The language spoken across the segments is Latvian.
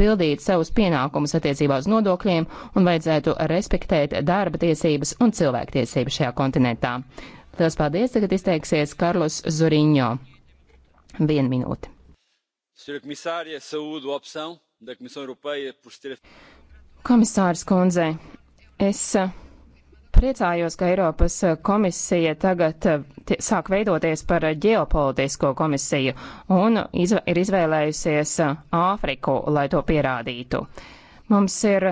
pildīt savus pienākumus attiecībā uz nodokļiem un vajadzētu respektēt darba tiesības un cilvēktiesības šajā kontinentā. Lielas paldies, tagad izteiksies Karlos Zuriņo. Vienu minūti. Komisārs Kunze, es priecājos, ka Eiropas komisija tagad eh, sāk veidoties par ģeopolitisko komisiju un izv ir izvēlējusies eh, Āfriku, lai to pierādītu. Mums ir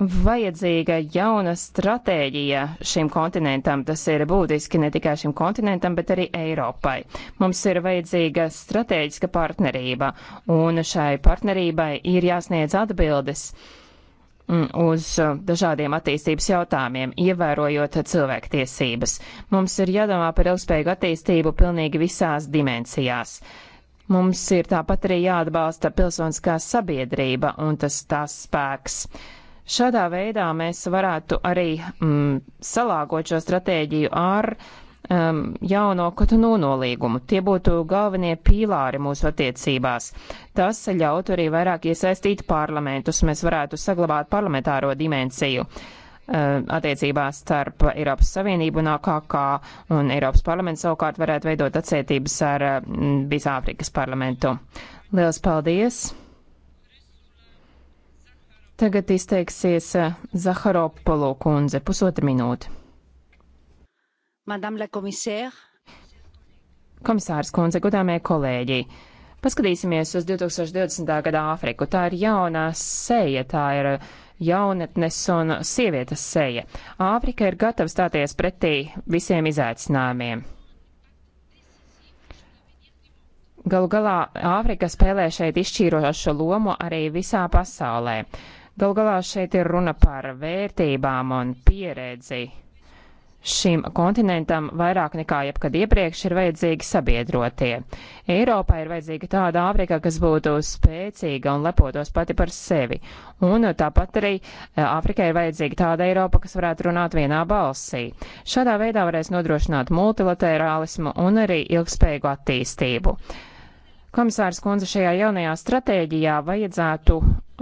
vajadzīga jauna stratēģija šim kontinentam. Tas ir būtiski ne tikai šim kontinentam, bet arī Eiropai. Mums ir vajadzīga stratēģiska partnerība, un šai partnerībai ir jāsniedz atbildes Mm, uz uh, dažādiem attīstības jautājumiem, ievērojot cilvēktiesības. Mums ir jādomā par ilgspējīgu attīstību pilnīgi visās dimensijās. Mums ir tāpat arī jāatbalsta pilsoniskā sabiedrība un tas tās spēks. Šādā veidā mēs varētu arī mm, salāgot šo stratēģiju ar um, jauno Kotonu nolīgumu. Tie būtu galvenie pīlāri mūsu attiecībās. Tas ļautu arī vairāk iesaistīt parlamentus, mēs varētu saglabāt parlamentāro dimensiju um, attiecībās starp Eiropas Savienību un AKK, un Eiropas parlaments savukārt varētu veidot attiecības ar um, Bizāfrikas parlamentu. Liels paldies! Tagad izteiksies uh, Zaharopolo kundze pusotru minūti. Madame la komisēra. Komisārs kundze, godāmie kolēģi, paskatīsimies uz 2020. gada Āfriku. Tā ir jaunā seja, tā ir jaunatnes un sievietes seja. Āfrika ir gatava stāties pretī visiem izaicinājumiem. Galu galā Āfrika spēlē šeit izšķīrošu lomu arī visā pasaulē. Galu galā šeit ir runa par vērtībām un pieredzi Šim kontinentam vairāk nekā jebkad iepriekš ir vajadzīgi sabiedrotie. Eiropai ir vajadzīga tāda Āfrika, kas būtu spēcīga un lepotos pati par sevi. Un tāpat arī e, Āfrikai ir vajadzīga tāda Eiropa, kas varētu runāt vienā balsī. Šādā veidā varēs nodrošināt multilaterālismu un arī ilgspējīgu attīstību. Komisārs Konze šajā jaunajā stratēģijā vajadzētu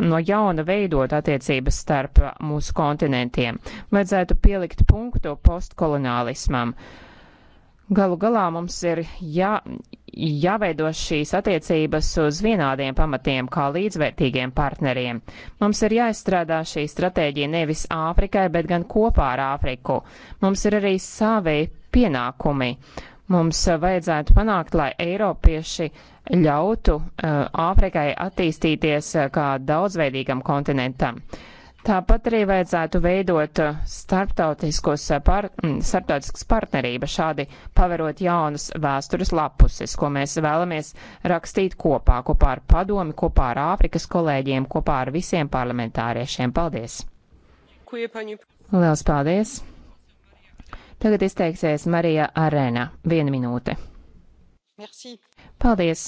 no jauna veidot attiecības starp mūsu kontinentiem. Vajadzētu pielikt punktu postkoloniālismam. Galu galā mums ir jā, jāveido šīs attiecības uz vienādiem pamatiem kā līdzvērtīgiem partneriem. Mums ir jāizstrādā šī stratēģija nevis Āfrikai, bet gan kopā ar Āfriku. Mums ir arī savi pienākumi Mums vajadzētu panākt, lai Eiropieši ļautu eh, Āfrikai attīstīties eh, kā daudzveidīgam kontinentam. Tāpat arī vajadzētu veidot eh, par, mm, starptautiskas partnerības, šādi paverot jaunas vēstures lapuses, ko mēs vēlamies rakstīt kopā, kopā ar padomi, kopā ar Āfrikas kolēģiem, kopā ar visiem parlamentāriešiem. Paldies! Lielas paldies! Tagad izteiksies Marija Arēna. Viena minūte. Merci. Paldies!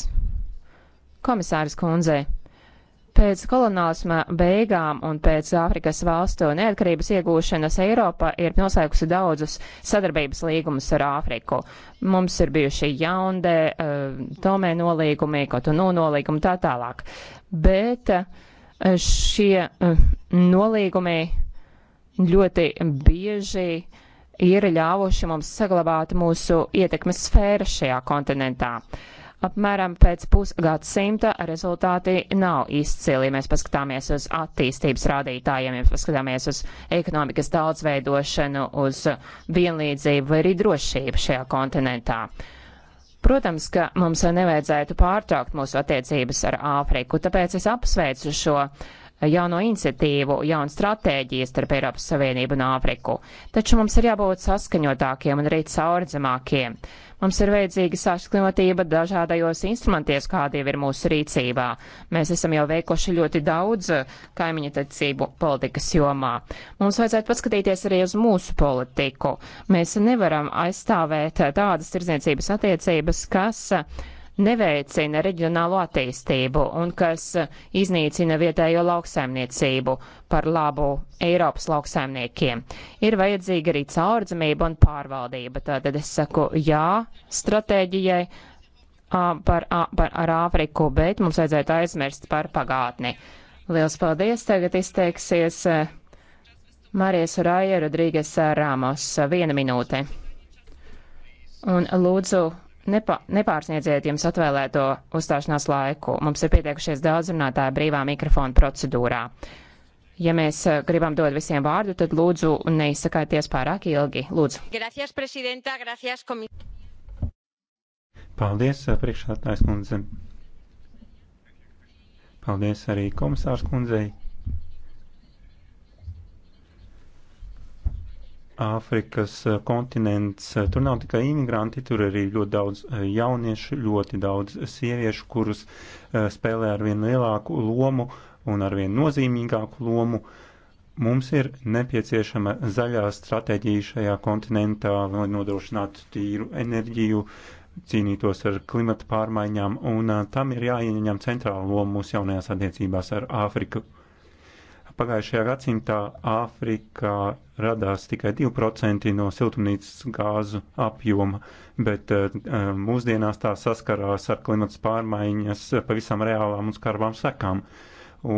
Komisārs kundzei! Pēc kolonālisma beigām un pēc Āfrikas valstu neatkarības iegūšanas Eiropa ir noslēgusi daudzus sadarbības līgumus ar Āfriku. Mums ir bijuši jaundē, eh, tomē nolīgumi, kotunu nolīgumi tā tālāk. Bet eh, šie eh, nolīgumi ļoti bieži uh, ir ļāvuši mums saglabāt mūsu ietekmes sfēru šajā kontinentā. Apmēram pēc pusgadsimta rezultāti nav izcili. Mēs paskatāmies uz attīstības rādītājiem, ja paskatāmies uz ekonomikas daudzveidošanu, uz vienlīdzību vai arī drošību šajā kontinentā. Protams, ka mums nevajadzētu pārtraukt mūsu attiecības ar Āfriku, tāpēc es apsveicu šo uh, jauno iniciatīvu, jaunu stratēģiju starp Eiropas Savienību un Āfriku. Taču mums ir jābūt saskaņotākiem un arī caurdzamākiem. Mums ir vajadzīga saskaņotība dažādajos instrumentos, kādi ir mūsu rīcībā. Mēs esam jau veikuši ļoti daudz kaimiņa tecību politikas jomā. Mums vajadzētu paskatīties arī uz mūsu politiku. Mēs nevaram aizstāvēt tādas tirdzniecības attiecības, kas neveicina reģionālo attīstību un kas iznīcina vietējo lauksaimniecību par labu Eiropas lauksaimniekiem. Ir vajadzīga arī caurdzamība un pārvaldība. Tātad es saku jā stratēģijai par, par, ar Āfriku, bet mums vajadzētu aizmirst par pagātni. Liels paldies! Tagad izteiksies Marijas Raija Rodrīgas Rāmos. Viena minūte. Un lūdzu nepa, nepārsniedziet jums atvēlēto uzstāšanās laiku. Mums ir pieteikušies daudz runātāju brīvā mikrofona procedūrā. Ja mēs eh, gribam dot visiem vārdu, tad lūdzu neizsakāties pārāk ilgi. Lūdzu. Gracias, presidenta, gracias, komis... Paldies, eh, priekšsādātājs kundze. Paldies arī komisārs kundzei. Āfrikas eh, kontinents, eh, tur nav tikai imigranti, tur arī ļoti daudz eh, jauniešu, ļoti daudz sieviešu, kurus spēlē ar vien lielāku lomu un ar vien nozīmīgāku lomu. Mums ir nepieciešama zaļā stratēģija šajā kontinentā, lai nodrošinātu tīru enerģiju, cīnītos ar klimata pārmaiņām, un tam ir jāieņem centrāla loma mūsu jaunajās attiecībās ar Āfriku. Pagājušajā gadsimtā Āfrikā radās tikai 2% no siltumnīcas gāzu apjoma, bet eh, mūsdienās tā saskarās ar klimats pārmaiņas pavisam reālām un skarbām sekām.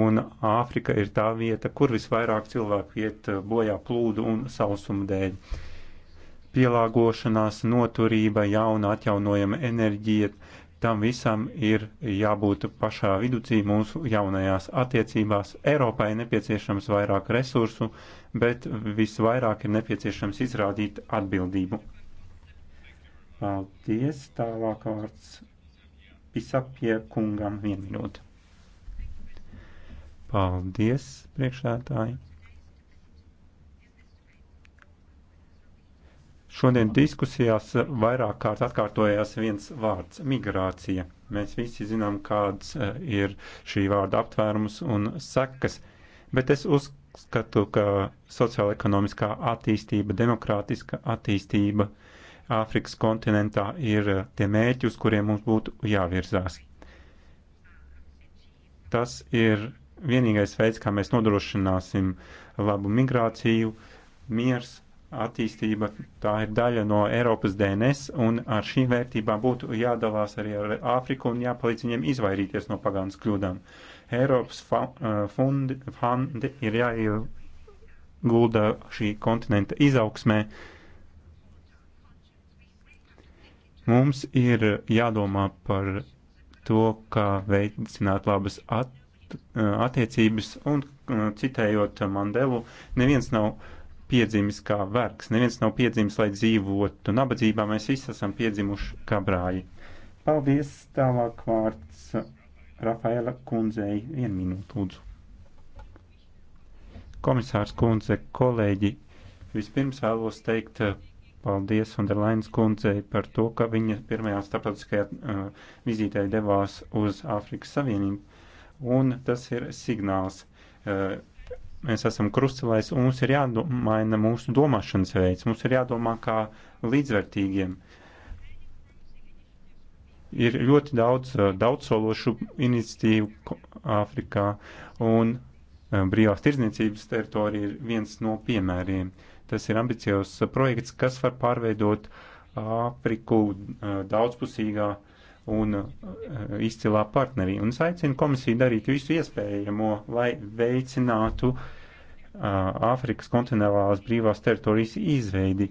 Un Āfrika ir tā vieta, kur visvairāk cilvēku iet eh, bojā plūdu un sausumu dēļ. Pielāgošanās, noturība, jauna atjaunojama enerģija Tam visam ir jābūt pašā viducī mūsu jaunajās attiecībās. Eiropai nepieciešams vairāk resursu, bet visvairāk ir nepieciešams izrādīt atbildību. Paldies, tālāk vārds Pisapie kungam vien minūte. Paldies, priekšētāji. Šodien diskusijās vairāk kārt atkārtojās viens vārds - migrācija. Mēs visi zinām, kāds eh, ir šī vārda aptvērums un sekas, bet es uzskatu, ka sociāla-ekonomiskā attīstība, demokrātiska attīstība Āfrikas kontinentā ir eh, tie mērķi, uz kuriem mums būtu jāvirzās. Tas ir vienīgais veids, kā mēs nodrošināsim labu migrāciju, miers attīstība tā ir daļa no Eiropas DNS, un ar šīm vērtībām būtu jādalās arī ar Āfriku un jāpalīdz viņiem izvairīties no pagānas kļūdām. Eiropas fondi, uh, fondi ir jāiegulda šī kontinenta izaugsmē. Mums ir jādomā par to, kā veicināt labas at, uh, attiecības, un uh, citējot Mandelu, neviens nav uh, piedzimis kā vergs, neviens nav piedzimis, lai dzīvotu nabadzībā, mēs visi esam piedzimuši kā brāļi. Paldies, tālāk vārds Rafaela kundzei, vienu minūtu lūdzu. Komisārs kundze, kolēģi, vispirms vēlos teikt eh, paldies Underlainas kundzei par to, ka viņa pirmajā starptautiskajā uh, vizītē devās uz Āfrikas Savienību, un tas ir signāls. Uh, Mēs esam krustcelēs un mums ir jāmaina mūsu domāšanas veids, mums ir jādomā kā līdzvērtīgiem. Ir ļoti daudz eh, daudzsološu iniciatīvu Āfrikā un eh, brīvās tirdzniecības teritorija ir viens no piemēriem. Tas ir ambiciozs projekts, kas var pārveidot Āfriku eh, daudzpusīgā un uh, izcilā partnerī. Un es aicinu komisiju darīt visu iespējamo, lai veicinātu uh, Āfrikas kontinentālās brīvās teritorijas izveidi.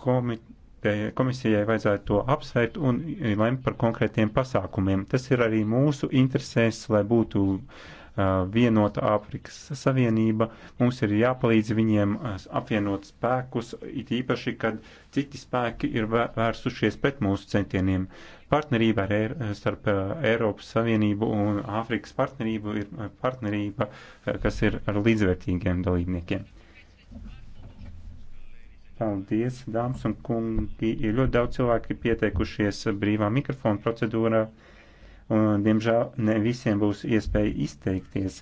Komite, komisijai vajadzētu to apsvērt un uh, lemt par konkrētiem pasākumiem. Tas ir arī mūsu interesēs, lai būtu uh, Uh, vienota Āfrikas Savienība. Mums ir jāpalīdz viņiem uh, apvienot spēkus, it īpaši, kad citi spēki ir vērsušies pret mūsu centieniem. Partnerība ar, uh, starp Eiropas Savienību un Āfrikas partnerību ir partnerība, kas ir ar līdzvērtīgiem dalībniekiem. Paldies, dāmas un kungi. Ir ļoti daudz cilvēki pieteikušies brīvā mikrofona procedūrā. Uh, un diemžēl ne visiem būs iespēja izteikties,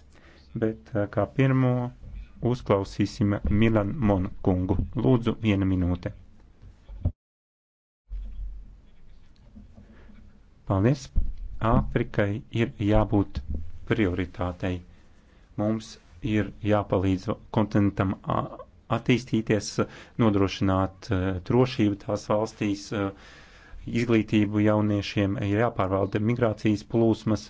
bet eh, kā pirmo uzklausīsim Milan Monkungu. Lūdzu, viena minūte. Paldies! Āfrikai ir jābūt prioritātei. Mums ir jāpalīdz kontinentam attīstīties, nodrošināt eh, drošību tās valstīs, uh, izglītību jauniešiem, ir jāpārvalda migrācijas plūsmas.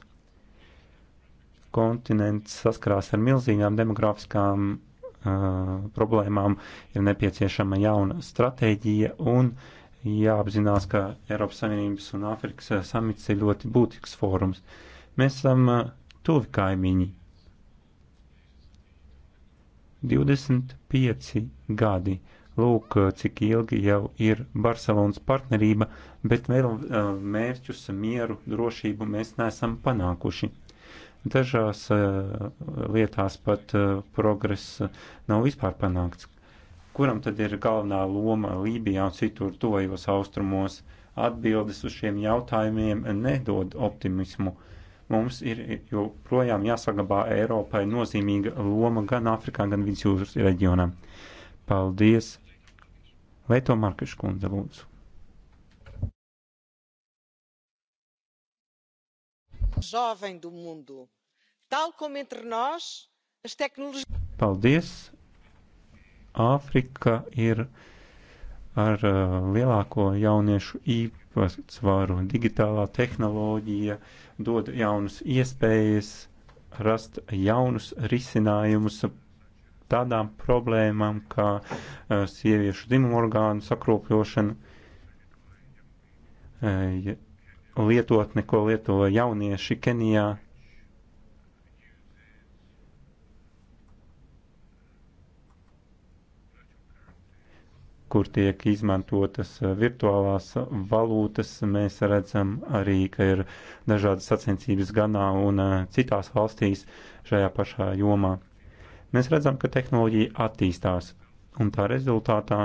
Kontinents saskarās ar milzīgām demografiskām uh, problēmām, ir nepieciešama jauna stratēģija un jāapzinās, ka Eiropas Savienības un Āfrikas samits ir ļoti būtisks fórums. Mēs esam uh, tuvi kaimiņi. 25 gadi Lūk, eh, cik ilgi jau ir Barcelonas partnerība, bet vēl eh, mērķus, mieru, drošību mēs neesam panākuši. Dažās eh, lietās pat progress nav vispār panākts. Kuram tad ir galvenā loma Lībijā un citur tojos austrumos? Atbildes uz šiem jautājumiem nedod optimismu mums ir joprojām jāsaglabā Eiropai nozīmīga loma gan Āfrikā, gan Vidusjūras reģionā. Paldies Vai to Markeša kundze lūdzu? Jovem do mundo. Tal como entre nós, as tecnologias. Paldies! Āfrika ir ar uh, lielāko jauniešu īpatsvaru. Digitālā tehnoloģija dod jaunas iespējas, rast jaunus risinājumus tādām problēmām kā e, sieviešu dzimumorgānu sakropļošana, e, lietotne, ko lieto jaunieši Kenijā. kur tiek izmantotas e, virtuālās valūtas. Mēs redzam arī, ka ir dažādas sacensības Ganā un citās valstīs šajā pašā jomā. Mēs redzam, ka tehnoloģija attīstās, un tā rezultātā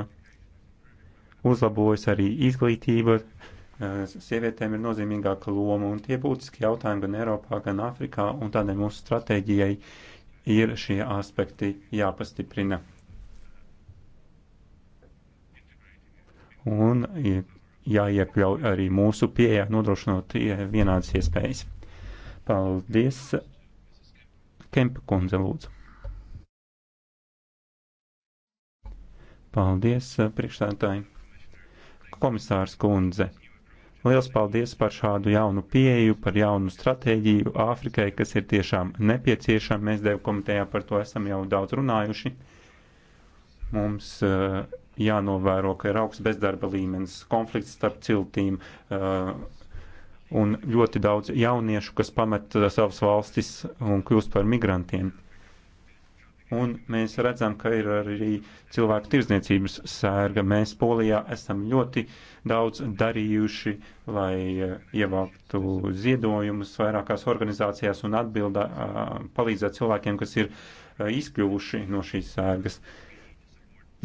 uzlabojas arī izglītība, eh, sievietēm ir nozīmīgāka loma, un tie būtiski jautājumi gan Eiropā, gan Āfrikā, un tādēļ mūsu stratēģijai ir šie aspekti jāpastiprina. Un jāiekļauj arī mūsu pieejā, nodrošinot vienādas iespējas. Paldies! Kempa kundze lūdzu. Paldies, eh, priekšstādātāji. Komisārs kundze, liels paldies par šādu jaunu pieeju, par jaunu stratēģiju Āfrikai, kas ir tiešām nepieciešama. Mēs Dievu komitejā par to esam jau daudz runājuši. Mums uh, jānovēro, ka ir augsts bezdarba līmenis, konflikts starp ciltīm, uh, un ļoti daudz jauniešu, kas pamet savas valstis un kļūst par migrantiem un mēs redzam, ka ir arī cilvēku tirdzniecības sērga. Mēs Polijā esam ļoti daudz darījuši, lai eh, ievāktu ziedojumus vairākās organizācijās un atbildā, eh, palīdzēt cilvēkiem, kas ir eh, izkļuvuši no šīs sērgas.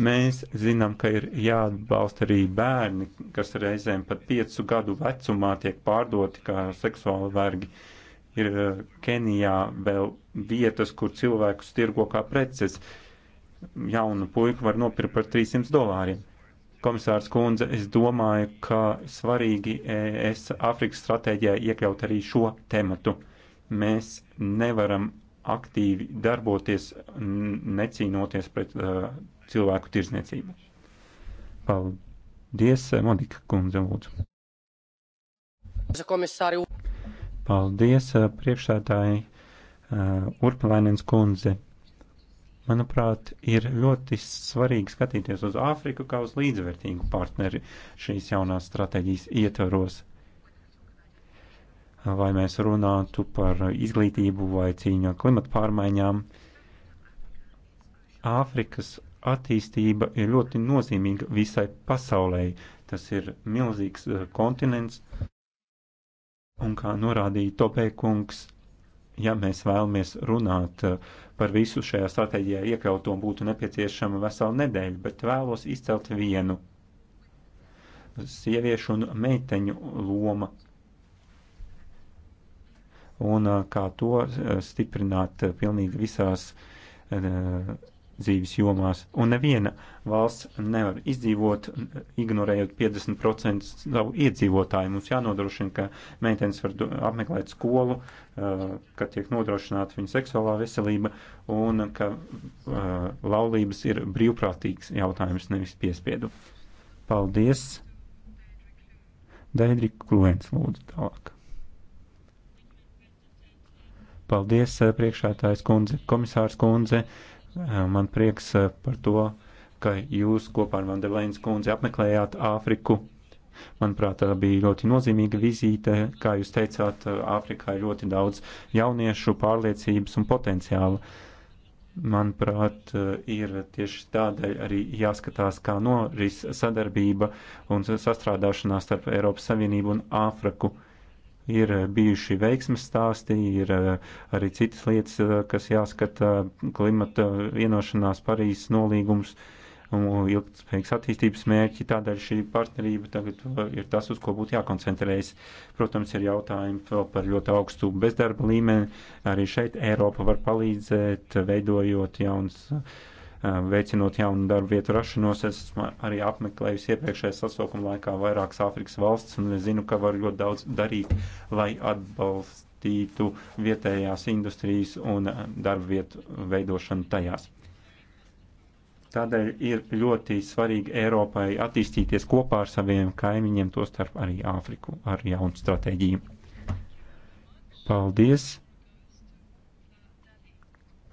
Mēs zinām, ka ir jāatbalsta arī bērni, kas reizēm pat piecu gadu vecumā tiek pārdoti kā seksuāli vergi. Uh, Ir eh, Kenijā vēl vietas, kur cilvēkus tirgo kā preces. Jaunu puiku var nopirkt par 300 dolāriem. Komisārs Kundze, es domāju, ka svarīgi e, es Afrikas stratēģijā iekļaut arī šo tematu. Mēs nevaram aktīvi darboties, necīnoties pret uh, cilvēku tirzniecību. Paldies, Monika Kundze, lūdzu. Paldies, priekšētāji Urpalainens kundze. Manuprāt, ir ļoti svarīgi skatīties uz Āfriku kā uz līdzvērtīgu partneri šīs jaunās stratēģijas ietvaros. Vai mēs runātu par izglītību vai cīņu ar klimatu pārmaiņām, Āfrikas attīstība ir ļoti nozīmīga visai pasaulē. Tas ir milzīgs kontinents, Un kā norādīja Topēkungs, ja mēs vēlamies runāt eh, par visu šajā stratēģijā iekļautu, būtu nepieciešama vesela nedēļa, bet vēlos izcelt vienu - sieviešu un meiteņu loma. Un eh, kā to eh, stiprināt pilnīgi visās dzīves jomās, un neviena valsts nevar izdzīvot, ignorējot 50% savu iedzīvotāju. Mums jānodrošina, ka meitenes var apmeklēt skolu, uh, ka tiek nodrošināta viņa seksuālā veselība, un ka uh, laulības ir brīvprātīgs jautājums, nevis piespiedu. Paldies! Daidri Kluens lūdzu tālāk. Paldies, uh, priekšētājs kundze, komisārs kundze. Uh, Eh, man prieks eh, par to, ka jūs kopā ar Vandelēnas kundzi apmeklējāt Āfriku. Manuprāt, tā bija ļoti nozīmīga vizīte. Kā jūs teicāt, eh, Āfrikā ir ļoti daudz jauniešu pārliecības un potenciāla. Manuprāt, ir tieši tādēļ arī jāskatās, kā noris sadarbība un sastrādāšanās starp Eiropas Savienību un Āfriku. Uh, Ir eh, bijuši veiksmes stāsti, ir eh, arī citas lietas, eh, kas jāskata klimata vienošanās Parīzes nolīgums un ilgspējīgas attīstības mērķi. Tādēļ šī partnerība tagad ir tas, uz ko būtu jākoncentrējas. Protams, ir jautājumi vēl par ļoti augstu bezdarba līmeni. Arī šeit Eiropa var palīdzēt, veidojot jaunas Eh, veicinot jaunu darbu vietu rašanos. Es esmu arī apmeklējusi iepriekšējā sasaukuma laikā vairākas Āfrikas valsts un es zinu, ka var ļoti daudz darīt, lai atbalstītu vietējās industrijas un eh, darba vietu veidošanu tajās. Tādēļ ir ļoti svarīgi Eiropai attīstīties kopā ar saviem kaimiņiem, tostarp arī Āfriku, ar jaunu stratēģiju. Paldies!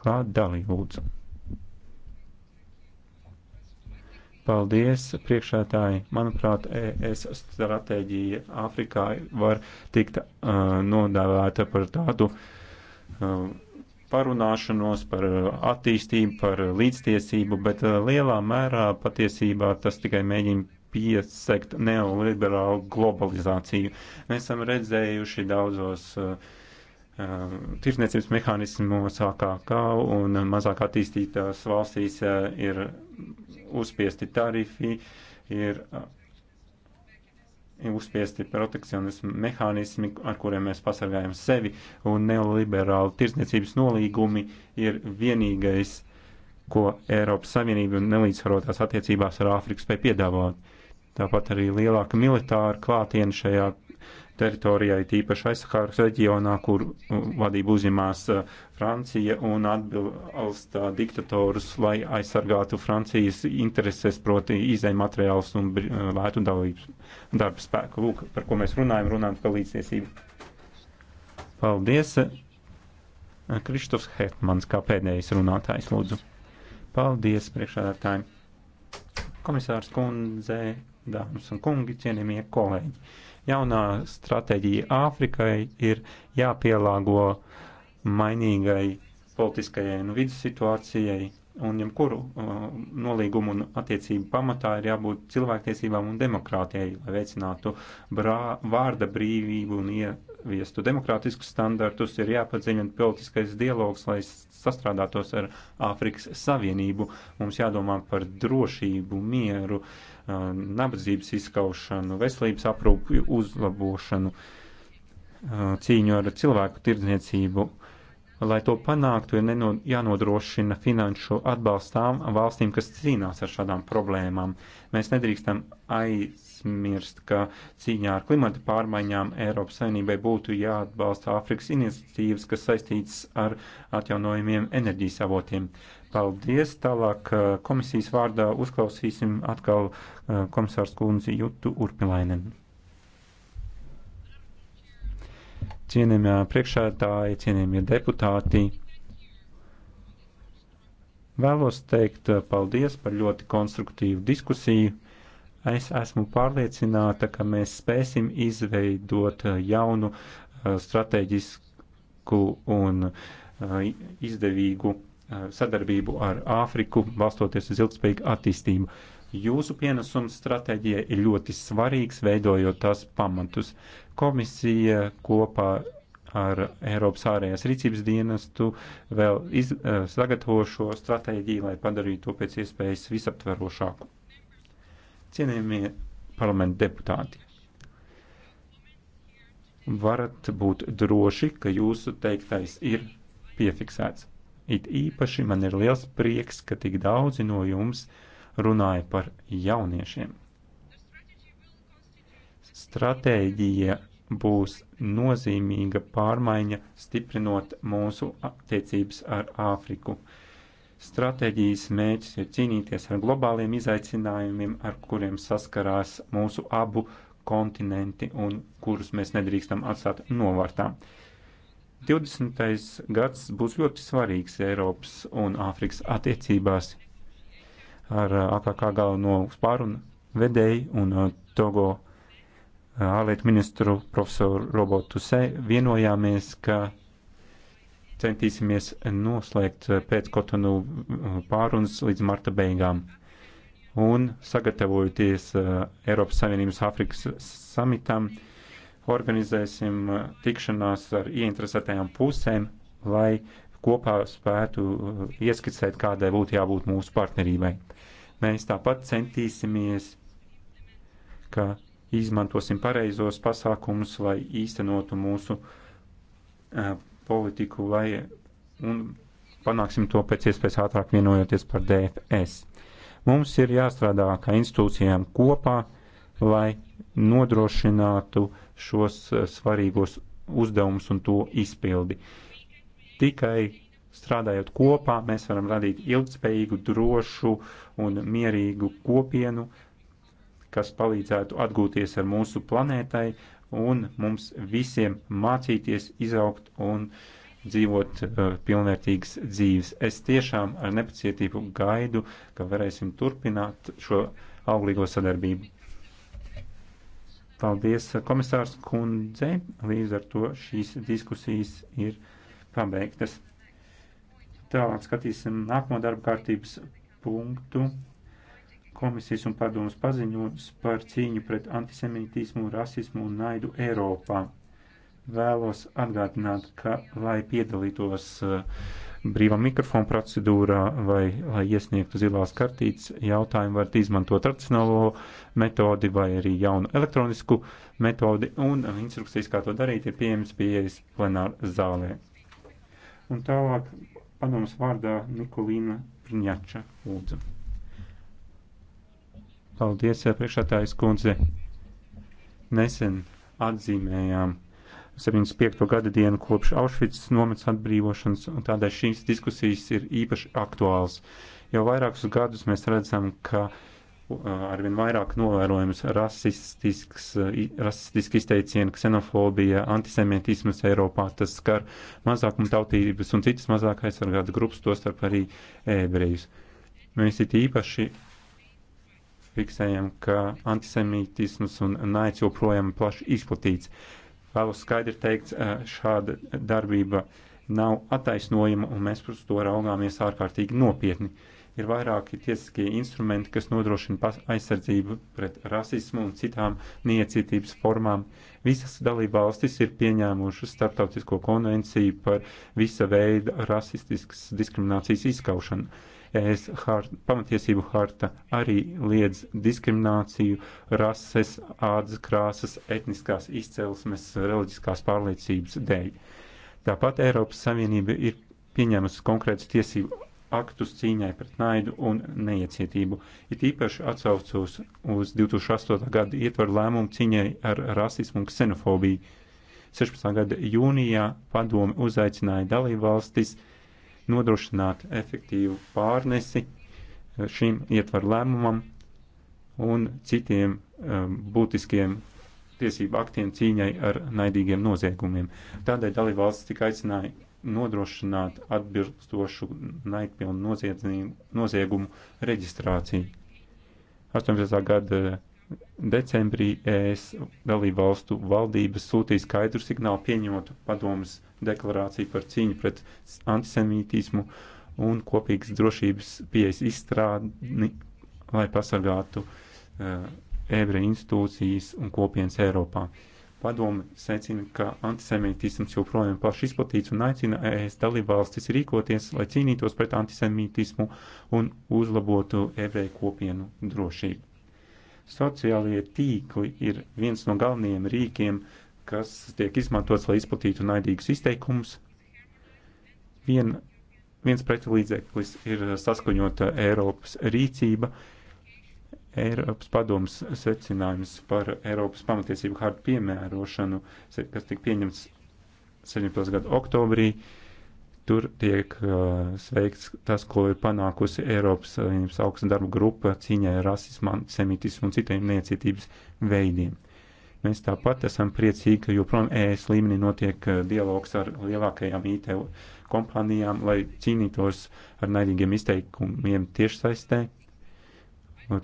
Klāt dalī, lūdzu! Paldies, priekšētāji. Manuprāt, ES stratēģija Āfrikā var tikt uh, nodēvēta par tādu uh, parunāšanos, par uh, attīstību, par uh, līdztiesību, bet uh, lielā mērā patiesībā tas tikai mēģina piesekt neoliberālu globalizāciju. Mēs esam redzējuši daudzos uh, Um, tirsniecības mehānismos AKK un mazāk attīstītās valstīs uh, ir uzspiesti tarifi, ir uh, uzspiesti protekcionismu mehānismi, ar kuriem mēs pasargājam sevi, un neoliberāli tirsniecības nolīgumi ir vienīgais, ko Eiropas Savienība un nelīdzsvarotās attiecībās ar Āfriku spēj piedāvāt. Tāpat arī lielāka militāra klātiena šajā teritorijai, tīpaši aizsahāras reģionā, kur uh, vadību uzņemās uh, Francija un atbalsta uh, diktatorus, lai aizsargātu Francijas intereses, proti izēju materiālus un lētu dalības darba spēku. Lūk, par ko mēs runājam, runājam par līdztiesību. Paldies! Kristofs Hetmans kā pēdējais runātājs lūdzu. Paldies priekšādātājiem! Komisārs kundze, dāmas un kungi, cienījamie kolēģi! Jaunā stratēģija Āfrikai ir jāpielāgo mainīgai politiskajai un vidus situācijai, un jebkuru uh, nolīgumu un attiecību pamatā ir jābūt cilvēktiesībām un demokrātijai, lai veicinātu brā, vārda brīvību un ieviestu demokrātiskus standartus, ir jāpadziļina politiskais dialogs, lai sastrādātos ar Āfrikas Savienību. Mums jādomā par drošību, mieru. Uh, Um, nabadzības izskaušanu, veselības aprūpu uzlabošanu, uh, cīņu ar cilvēku tirdzniecību. Lai to panāktu, ir neno, jānodrošina finanšu atbalstām valstīm, kas cīnās ar šādām problēmām. Mēs nedrīkstam aizmirst, ka cīņā ar klimata pārmaiņām Eiropas saimnībai būtu jāatbalsta Āfrikas iniciatīvas, kas saistītas ar atjaunojumiem enerģijas avotiem. Paldies! Tālāk eh, komisijas vārdā uzklausīsim atkal eh, komisārs kundzi Jutu Urpilainen. Cienījamie priekšētāji, cienījamie deputāti, vēlos teikt eh, paldies par ļoti konstruktīvu diskusiju. Es esmu pārliecināta, ka mēs spēsim izveidot jaunu stratēģisku un izdevīgu Uh, sadarbību ar Āfriku, balstoties uz ilgspējīgu attīstību. Jūsu pienesums stratēģijai ir ļoti svarīgs, veidojot tās pamatus. Komisija kopā ar Eiropas ārējās rīcības dienestu vēl iz, uh, sagatavo šo stratēģiju, lai padarītu to pēc iespējas visaptverošāku. Cienījamie parlamenta deputāti, varat būt droši, ka jūsu teiktais ir piefiksēts. It īpaši man ir liels prieks, ka tik daudzi no jums runāja par jauniešiem. Stratēģija būs nozīmīga pārmaiņa, stiprinot mūsu attiecības ar Āfriku. Stratēģijas mēģis ir cīnīties ar globāliem izaicinājumiem, ar kuriem saskarās mūsu abu kontinenti un kurus mēs nedrīkstam atstāt novārtām. 20. gads būs ļoti svarīgs Eiropas un Āfrikas attiecībās ar uh, AKK galveno spārunu vedēju un uh, Togo uh, ārlietu ministru profesoru Robotu Se vienojāmies, ka centīsimies noslēgt pēc Kotonu pārunas līdz marta beigām. Un sagatavojoties Eiropas Savienības Āfrikas samitam, uh, organizēsim uh, tikšanās ar ieinteresētajām pusēm, lai kopā spētu uh, ieskicēt, kādai būtu jābūt mūsu partnerībai. Mēs tāpat centīsimies, ka izmantosim pareizos pasākumus, lai īstenotu mūsu uh, politiku, lai un panāksim to pēc iespējas ātrāk vienojoties par DFS. Mums ir jāstrādā kā institūcijām kopā, uh, lai nodrošinātu šos eh, svarīgos uzdevumus un to izpildi. Tikai strādājot kopā, mēs varam radīt ilgspējīgu, drošu un mierīgu kopienu, kas palīdzētu atgūties ar mūsu planētai un mums visiem mācīties, izaugt un dzīvot uh, pilnvērtīgas dzīves. Es tiešām ar nepacietību gaidu, ka varēsim turpināt šo auglīgo sadarbību. Paldies, eh, komisārs kundze. Līdz ar to šīs diskusijas ir pabeigtas. Tālāk skatīsim nākamo darba kārtības punktu komisijas un padomus paziņojums par cīņu pret antisemītismu, rasismu un naidu Eiropā. Vēlos atgādināt, ka, lai piedalītos uh, brīvā mikrofona procedūrā vai, lai iesniegtu zilās kartītes jautājumu, varat izmantot tradicionālo metodi vai arī jaunu elektronisku metodi, un uh, instrukcijas, kā to darīt, ir pieejamas pieejas plenāra zālē. Un tālāk padomas vārdā Nikolīna Priņača lūdzu. Paldies, eh, priekšētājs kundze. Nesen atzīmējām 75. gada dienu kopš Auschwitz nomets atbrīvošanas, un tādēļ šīs diskusijas ir īpaši aktuāls. Jau vairākus gadus mēs redzam, ka uh, arvien vairāk novērojams rasistisks, uh, rasistiski izteicieni, ksenofobija, antisemietismas Eiropā, tas skar mazākuma tautības un citas mazāk aizsargātas grupas, tostarp arī ebrejus. Mēs it īpaši fiksējam, ka antisemītisms un naids joprojām plaši izplatīts. Uh, vēlos skaidri teikt, šāda darbība nav attaisnojama, un mēs uz to raugāmies ārkārtīgi nopietni. Ir vairāki tiesiskie instrumenti, kas nodrošina aizsardzību pret rasismu un citām niecītības formām. Visas dalībvalstis ir pieņēmušas starptautisko konvenciju par visa veida rasistiskas diskriminācijas izskaušanu. ES hart, pamatiesību harta arī liedz diskrimināciju rases, ādas krāsas, etniskās izcelsmes, reliģiskās pārliecības dēļ. Tāpat Eiropas Savienība ir pieņēmusi konkrētus tiesību aktus cīņai pret naidu un neiecietību. It īpaši atsaucos uz 2008. gada ietvaru lēmumu cīņai ar rasismu un ksenofobiju. 16. gada jūnijā padome uzaicināja dalībvalstis valstis nodrošināt efektīvu pārnesi eh, šim ietvaru lēmumam un citiem eh, būtiskiem tiesību aktiem cīņai ar naidīgiem noziegumiem. Tādēļ dalībvalsts tika aicināja nodrošināt atbilstošu naidpilnu noziegumu reģistrāciju. 18. gada Decembrī ES dalību valstu valdības sūtīja skaidru signālu pieņemot padomas deklarāciju par cīņu pret antisemītismu un kopīgas drošības pieejas izstrādi, lai pasargātu uh, ebreju institūcijas un kopienas Eiropā. Padome secina, ka antisemītisms joprojām plaši izplatīts un aicina ES dalībvalstis rīkoties, lai cīnītos pret antisemītismu un uzlabotu ebreju kopienu drošību. Sociālie tīkli ir viens no galvenajiem rīkiem, kas tiek izmantots, lai izplatītu naidīgus izteikumus. Vien, viens pretlīdzeklis ir saskaņota Eiropas rīcība. Eiropas padomas secinājums par Eiropas pamatiesību hārtu piemērošanu, kas tika pieņemts 17. gada oktobrī, uh, Tur tiek uh, sveikts tas, ko ir panākusi Eiropas Savienības augsta darba grupa cīņai ar rasismu, antisemitismu un citiem necietības veidiem. Mēs tāpat esam priecīgi, ka joprojām ES līmenī notiek uh, dialogs ar lielākajām IT kompānijām, lai cīnītos ar naidīgiem izteikumiem tiešsaistē,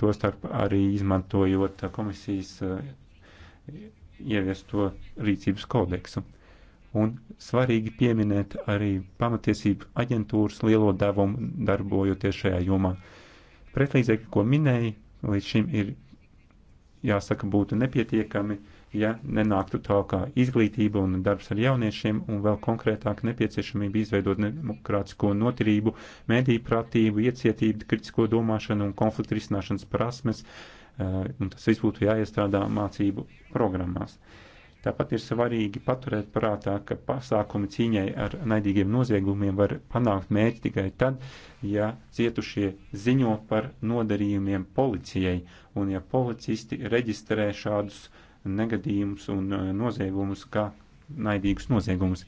tostarp arī izmantojot komisijas uh, ieviesto rīcības kodeksu. Uh, Un svarīgi pieminēt arī pamatiesību aģentūras lielo devumu darbojoties šajā jomā. Pretlīdzekļi, ko minēja, līdz šim ir jāsaka būtu nepietiekami, ja nenāktu tālāk izglītība un darbs ar jauniešiem, un vēl konkrētāk nepieciešamība izveidot demokrātisko noturību, mediju pratību, iecietību, kritisko domāšanu un konfliktu risināšanas prasmes, eh, un tas viss būtu jāiestrādā mācību programmās. Uh, Tāpat ir svarīgi paturēt prātā, ka pasākumi cīņai ar naidīgiem noziegumiem var panākt mērķi tikai tad, ja cietušie ziņo par nodarījumiem policijai un ja policisti reģistrē šādus negadījumus un e, noziegumus kā naidīgus noziegumus.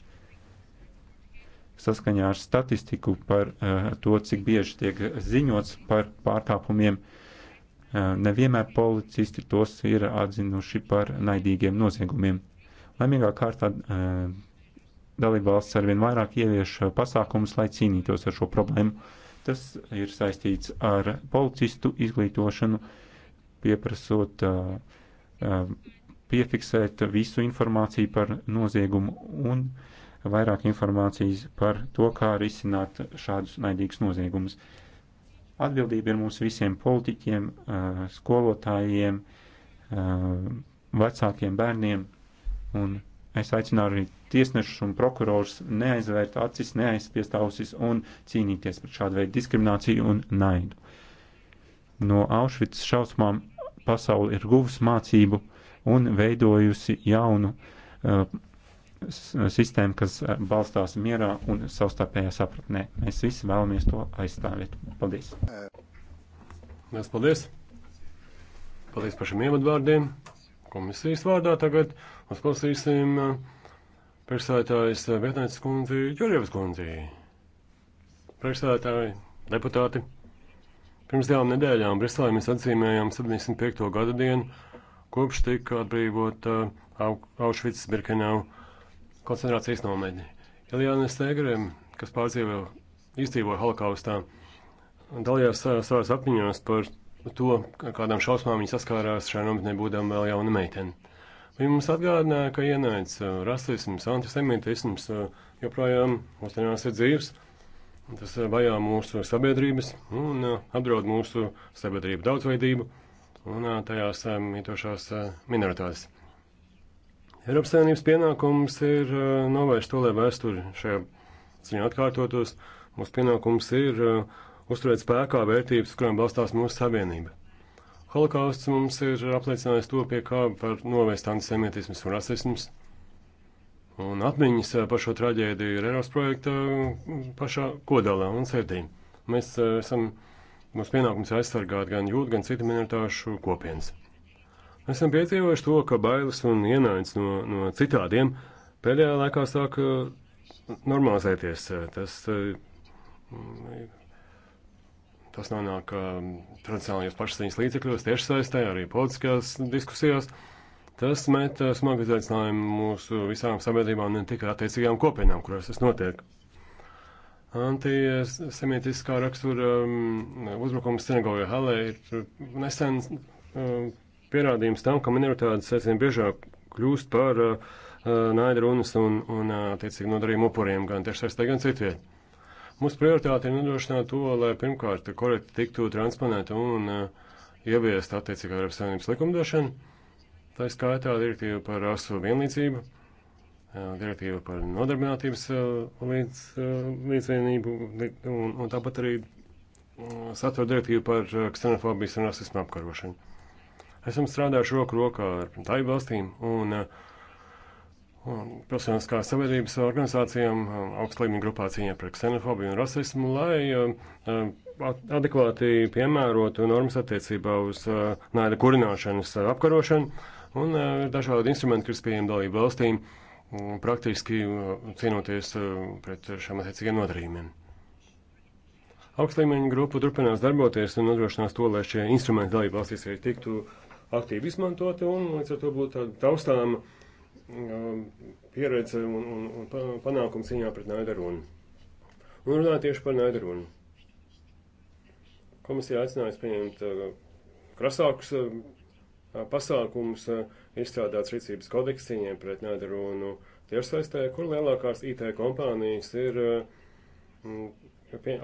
Saskaņā ar statistiku par uh, to, cik bieži tiek ziņots par pārkāpumiem, uh, Eh, nevienmēr policisti tos ir atzinuši par naidīgiem noziegumiem. Laimīgā kārtā eh, dalībvalsts arvien vairāk ievieš eh, pasākumus, lai cīnītos ar šo problēmu. Tas ir saistīts ar policistu izglītošanu, pieprasot piefiksēt visu informāciju par noziegumu un vairāk informācijas par to, kā risināt šādus naidīgus noziegumus. Uh, Atbildība ir mums visiem politiķiem, eh, skolotājiem, eh, vecākiem bērniem, un es aicināju arī tiesnešus un prokurors neaizvērt acis, neaizspiest ausis un cīnīties pret šādu veidu diskrimināciju un naidu. No Auschwitz šausmām pasauli ir guvusi mācību un veidojusi jaunu uh, sistēma, kas eh, balstās mierā un savstarpējā sapratnē. Mēs visi vēlamies to aizstāvēt. Paldies! Mēs paldies! Paldies par šiem ievadvārdiem! Komisijas vārdā tagad uzklausīsim eh, priekšsēdētājas eh, vietnētas kundzi Jurjevas kundzi. Priekšsēdētāji, deputāti! Pirms divām nedēļām Briselē mēs atzīmējām 75. gada dienu, kopš tika atbrīvota Aušvicas Birkenau koncentrācijas nometni. Iljāna Stegre, kas pārdzīvoja, izdzīvoja holokaustā, dalījās eh, savās apziņās par to, kādām šausmām viņa saskārās šajā nometnē, būdama vēl jauna meitene. Viņa mums atgādināja, ka ienaids eh, rasisms, antisemītisms eh, joprojām mūsdienās ir dzīves. Tas bajā mūsu sabiedrības un apdraud mūsu sabiedrību daudzveidību un tajās mītošās minoritātes. Eiropas Savienības pienākums ir uh, novērst to, lai vēsture šajā ziņā atkārtotos. Mūsu pienākums ir uh, uzturēt spēkā vērtības, kurām balstās mūsu savienība. Holokausts mums ir apliecinājis to, pie kā var novērst antisemītisms un rasisms. Un atmiņas uh, par šo traģēdiju ir Eiropas projekta pašā kodolā un sirdī. Mēs esam, mums pienākums aizsargāt gan jūtu, gan citu minoritāšu kopienas. Esam piedzīvojuši to, ka bailes un ienaids no, no citādiem pēdējā laikā sāk uh, normalizēties. Uh, tas, uh, tas nonāk tradicionālajos pašsaziņas līdzekļos, tiešsaistē, arī politiskajās diskusijās. Tas met smagu izaicinājumu mūsu visām sabiedrībām, ne tikai attiecīgām kopienām, kurās tas notiek. Antisemītiskā rakstura um, uzbrukums sinagogai Halē ir nesen um, pierādījums tam, ka minoritātes aizvien biežāk kļūst par uh, uh naida runas un, un uh, attiecīgi nodarījumu upuriem gan tiešsaistē, gan citviet. Mūsu prioritāte ir nodrošināt to, lai pirmkārt korekti tiktu transponēta un uh, ieviest attiecīgā Eiropas Savienības likumdošana. Tā ir skaitā direktīva par rasu vienlīdzību, uh, direktīva par nodarbinātības līdz, līdzvienību un, un tāpat arī satura direktīva par ksenofobijas un rasismu apkarošanu. Esam strādājuši roku rokā ar tāju valstīm un, uh, un pilsoniskās sabiedrības organizācijām uh, augstlīmeņa grupā cīņā pret ksenofobiju un rasismu, lai uh, adekvāti piemērotu normas attiecībā uz naida kurināšanas apkarošanu. Un ir dažādi instrumenti, kas pieejami dalību valstīm, mm, praktiski cīnoties pret šiem attiecīgiem nodarījumiem. Augstlīmeņa grupa turpinās darboties un nodrošinās to, lai šie instrumenti dalību valstīs arī tiktu uh, aktīvi izmantota un līdz ar to būtu tāda taustāma um, pieredze un, un, un panākums cīņā pret naidarunu. Un runā tieši par naidarunu. Komisija aicinājusi pieņemt uh, krasākus uh, uh, pasākumus, izstrādāts rīcības kodeks cīņai pret naidarunu tiešsaistē, kur lielākās IT kompānijas ir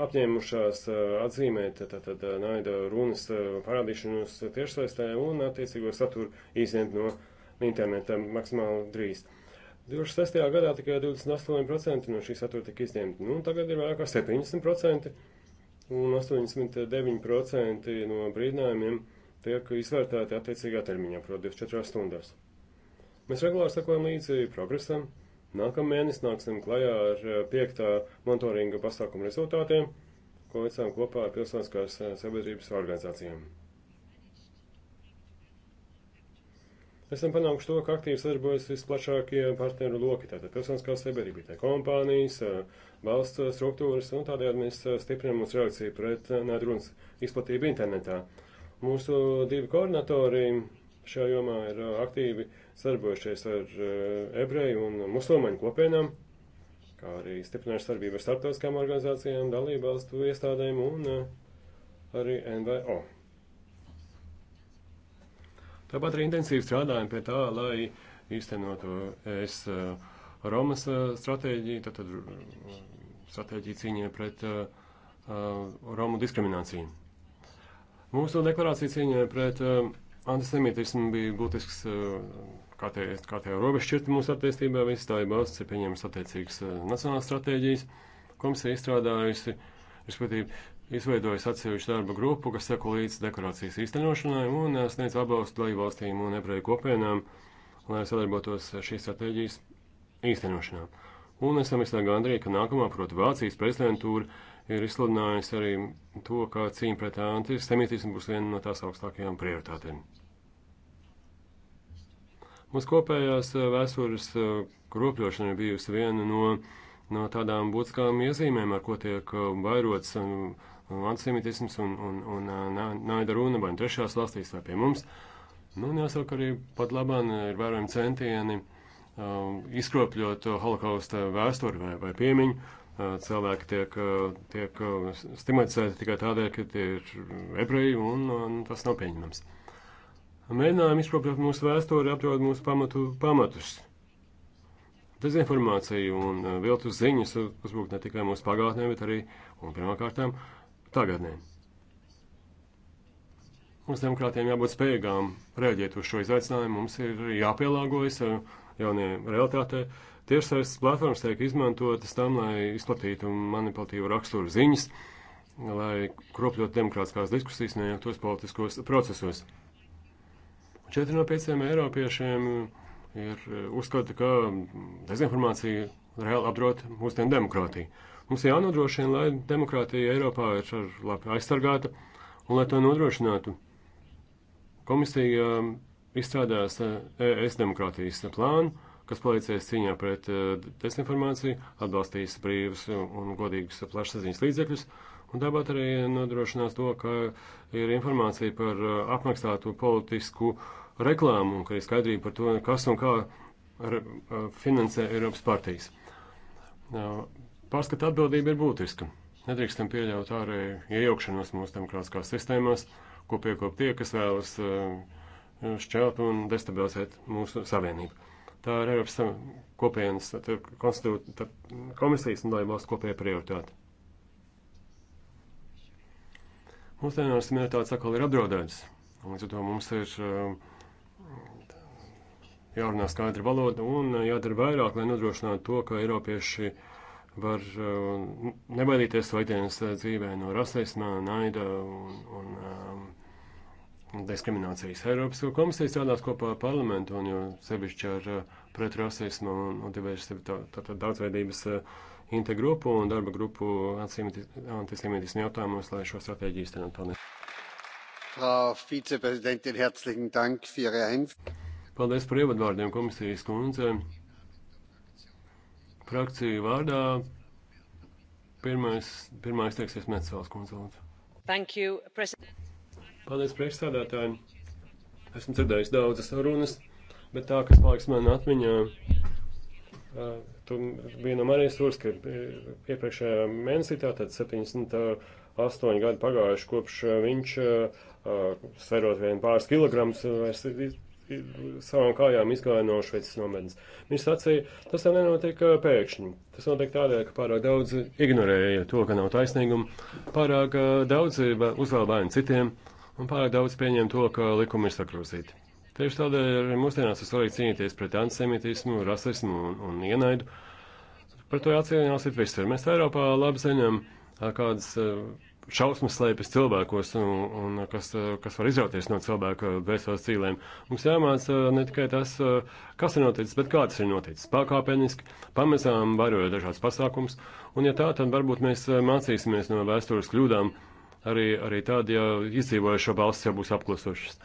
apņēmušās atzīmēt tātad naida runas parādīšanos tiešsaistē un attiecīgo saturu izņemt no interneta maksimāli drīz. 26. gadā tikai 28% no šī satura tika izņemta, nu tagad ir vairāk kā 70% un 89% no brīdinājumiem tiek izvērtēti attiecīgā termiņā, proti 24 stundās. Mēs regulāri sakojam līdzi progresam, Nākamēnes nāksim klajā ar eh, piektā monitoringa pasākuma rezultātiem, ko veicām kopā ar pilsoniskās eh, sabiedrības organizācijām. Esam panākuši to, ka aktīvi sadarbojas visplašākie partneru loki, tātad pilsoniskā sabiedrība, tā kompānijas, eh, valsts struktūras, un tādējādi mēs stiprinām mūsu reakciju pret nedrunas izplatību internetā. Mūsu divi koordinatori šajā jomā ir uh, aktīvi sarbojušies ar uh, ebreju un musulmaņu kopienām, kā arī stiprinājuši sarbību ar starptautiskām organizācijām, dalībvalstu iestādēm un uh, arī NVO. Tāpat arī intensīvi strādājam pie tā, lai īstenotu es Romas stratēģiju, tad, tad stratēģiju cīņai pret uh, Romu diskrimināciju. Mūsu deklarācija cīņai pret uh, Antisemītisms bija būtisks eh, kā tie, kā tie robežšķirti mūsu attīstībā, viss tā ir balsts, ir pieņemts attiecīgas eh, nacionālas stratēģijas, komisija izstrādājusi, respektīvi, izveidojusi atsevišķu darba grupu, kas seko līdz dekorācijas īstenošanai un eh, sniedz atbalstu dalību valstīm un ebreju kopienām, lai sadarbotos šīs stratēģijas īstenošanā. Un esam visai gandrīz, ka nākamā, proti, Vācijas prezidentūra ir izsludinājusi arī to, ka cīņa pret antisemitismu būs viena no tās augstākajām prioritātēm. Mūsu kopējās eh, vēstures eh, kropļošana ir bijusi viena no, no tādām būtiskām iezīmēm, ar ko tiek eh, vairots antisemitisms un, un, un, un naida runa vai trešās valstīs vai pie mums. Nu, jāsaka, arī pat labāk ir vērojami centieni uh, izkropļot holokausta vēsturi vai, vai piemiņu, cilvēki tiek, tiek stigmatizēti tikai tādēļ, ka tie ir ebreji, un, un tas nav pieņemams. Mēģinājumi izkropļot mūsu vēsturi, apdraud mūsu pamatu, pamatus. Dezinformācija un uh, viltus ziņas uzbrūk uh, ne tikai mūsu pagātnē, bet arī, un pirmkārtām, tagadnē. Mums demokrātiem jābūt spējīgām rēģēt uz šo izaicinājumu, mums ir jāpielāgojas uh, jaunie realitātei Tiešsaistes platformas tiek izmantotas tam, lai izplatītu manipulatīvu raksturu ziņas, lai kropļotu demokrātiskās diskusijas nejauktos politiskos procesos. Četri no pieciem eiropiešiem ir uzskata, ka dezinformācija reāli apdraud mūsdienu demokrātiju. Mums jānodrošina, lai demokrātija Eiropā ir labi aizsargāta un lai to nodrošinātu. Komisija izstrādās ES eh, e demokrātijas plānu kas palīdzēs cīņā pret eh, dezinformāciju, atbalstīs brīvus un godīgus plašsaziņas līdzekļus, un tāpat arī nodrošinās to, ka ir informācija par eh, apmaksātu politisku reklāmu un ka ir skaidrība par to, kas un kā eh, finansē Eiropas partijas. Pārskata atbildība ir būtiska. Nedrīkstam pieļaut ārēju iejaukšanos mūsu demokrātiskās sistēmās, ko piekop tie, kas vēlas šķelt un destabilizēt mūsu savienību. Tā ir Eiropas kopienas konstitūta komisijas un dalībās kopēja prioritāte. Mūsdienās minoritātes atkal ir apdraudētas. Līdz ar to mums ir um, jārunā skaidra valoda un jādara vairāk, lai nodrošinātu to, ka eiropieši var um, nebaidīties savā ikdienas uh, dzīvē no rasisma, naida un, un um, diskriminācijas. Eiropas komisija strādās kopā ar parlamentu un jo sevišķi ar eh, pretrasismu un, un diversitātes daudzveidības eh, intergrupu un darba grupu antisemītismu jautājumos, lai šo stratēģiju īstenot. Paldies! Frau Vizepräsidentin, herzlichen Dank für Ihre Einführung. Paldies par ievadvārdiem komisijas kundze. Frakciju vārdā pirmais, pirmais teiksies Metsāls kundze. Thank you, President. Paldies priekšstādātājiem. Esmu dzirdējis daudzas runas, bet tā, kas paliks man atmiņā, tur viena Marijas Tūrs, ka iepriekšējā mēnesī, tātad 78 gadi pagājuši, kopš viņš, sverot vien pāris kilogramus, savām kājām izgāja no Šveices nometnes. Viņš sacīja, tas jau nenotiek pēkšņi. Tas notiek tādēļ, ka pārāk daudz ignorēja to, ka nav taisnīguma, pārāk daudz uzvēl vainu citiem. Uh, un pārāk daudz pieņem to, ka likumi ir sagrozīti. Tieši tādēļ arī mūsdienās ir svarīgi cīnīties pret antisemītismu, rasismu un, un ienaidu. Par to jācīnās ir visur. Mēs Eiropā labi zinām, kādas šausmas slēpjas cilvēkos un, un kas, kas var izrauties no cilvēka vēsos cīlēm. Mums jāmāc ne tikai tas, kas ir noticis, bet kā tas ir noticis. Pakāpeniski, pamazām varojot dažādas pasākums, un ja tā, tad varbūt mēs mācīsimies no vēstures kļūdām arī, arī tad, ja izdzīvojušo balsts jau būs apklusušas.